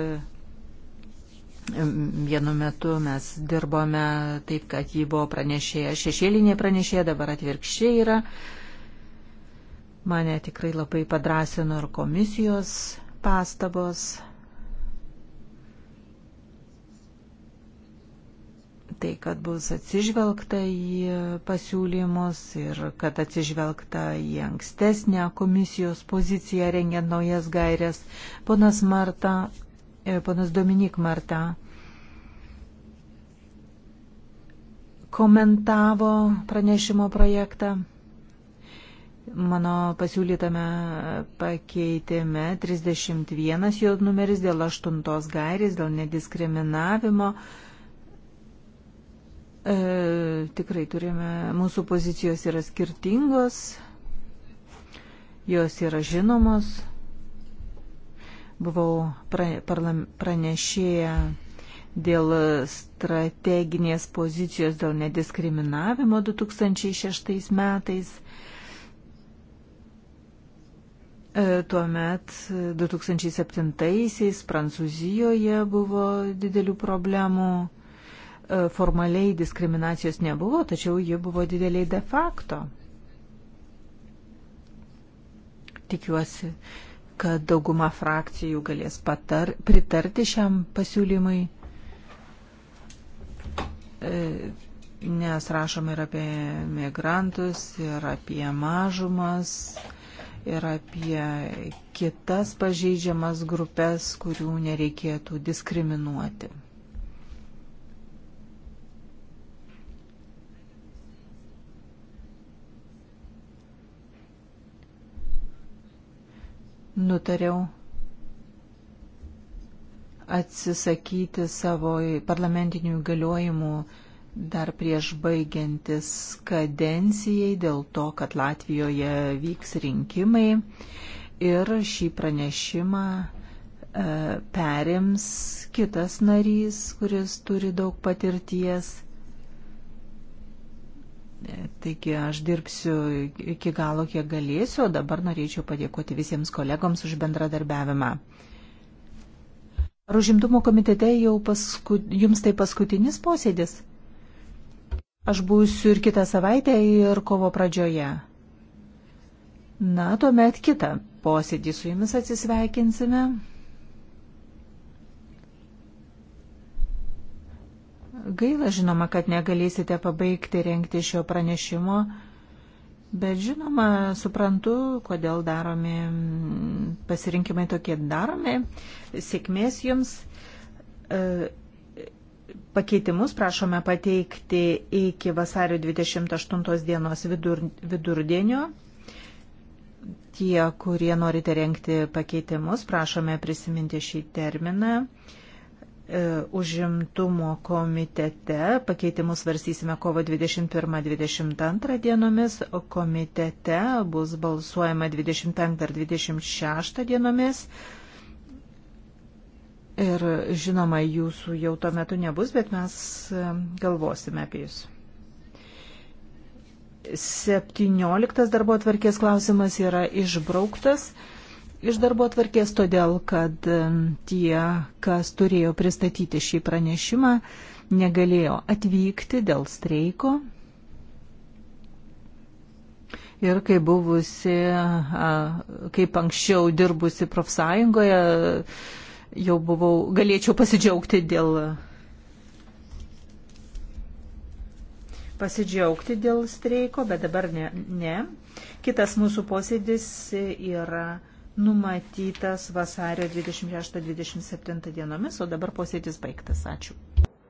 vienu metu mes dirbome taip, kad ji buvo pranešėja, šešėlinė pranešėja, dabar atvirkščiai yra. Mane tikrai labai padrasino ir komisijos pastabos tai kad bus atsižvelgta į pasiūlymus ir kad atsižvelgta į ankstesnę komisijos poziciją rengiant naujas gairias. Ponas Marta, e, ponas Dominik Marta komentavo pranešimo projektą. Mano pasiūlytame pakeitime 31 jo numeris dėl 8 gairės, dėl nediskriminavimo. Uh, E, tikrai turime, mūsų pozicijos yra skirtingos, jos yra žinomos. Buvau pra, parla, pranešėję dėl strateginės pozicijos dėl nediskriminavimo 2006 metais. E, tuomet 2007-aisiais Prancūzijoje buvo didelių problemų E, formaliai diskriminacijos nebuvo, tačiau ji buvo dideliai de facto. Tikiuosi, kad dauguma frakcijų galės patar, pritarti šiam pasiūlymui, e, nes rašom ir apie migrantus, ir apie mažumas, ir apie kitas pažeidžiamas grupės, kurių nereikėtų diskriminuoti. nutariau atsisakyti savo parlamentinių įgaliojimų dar prieš baigiantis kadencijai dėl to, kad Latvijoje vyks rinkimai ir šį pranešimą e, perims kitas narys, kuris turi daug patirties Taigi aš dirbsiu iki galo, kiek galėsiu, o dabar norėčiau padėkoti visiems kolegoms už bendradarbiavimą. Ar užimtumo komitete jau pasku, jums tai paskutinis posėdis? Aš būsiu ir kitą savaitę, ir kovo pradžioje. Na, tuomet kitą posėdį su jumis atsisveikinsime. Gaila žinoma, kad negalėsite pabaigti renkti šio pranešimo, bet žinoma, suprantu, kodėl daromi pasirinkimai tokie daromi. Sėkmės jums. E, pakeitimus prašome pateikti iki vasario 28 dienos vidur, vidurdienio. Tie, kurie norite renkti pakeitimus, prašome prisiminti šį terminą. E, užimtumo komitete. Pakeitimus svarstysime kovo 21-22 dienomis, o komitete bus balsuojama 25 ar 26 dienomis. Ir žinoma, jūsų jau tuo metu nebus, bet mes e, galvosime apie jūs. 17 darbo atvarkės klausimas yra išbrauktas iš darbo atvarkės, todėl kad tie, kas turėjo pristatyti šį pranešimą, negalėjo atvykti dėl streiko. Ir kai buvusi, kaip anksčiau dirbusi profsąjungoje, jau buvau, galėčiau pasidžiaugti dėl pasidžiaugti dėl streiko, bet dabar ne. ne. Kitas mūsų posėdis yra numatytas vasario 26-27 dienomis, o dabar posėdis baigtas. Ačiū.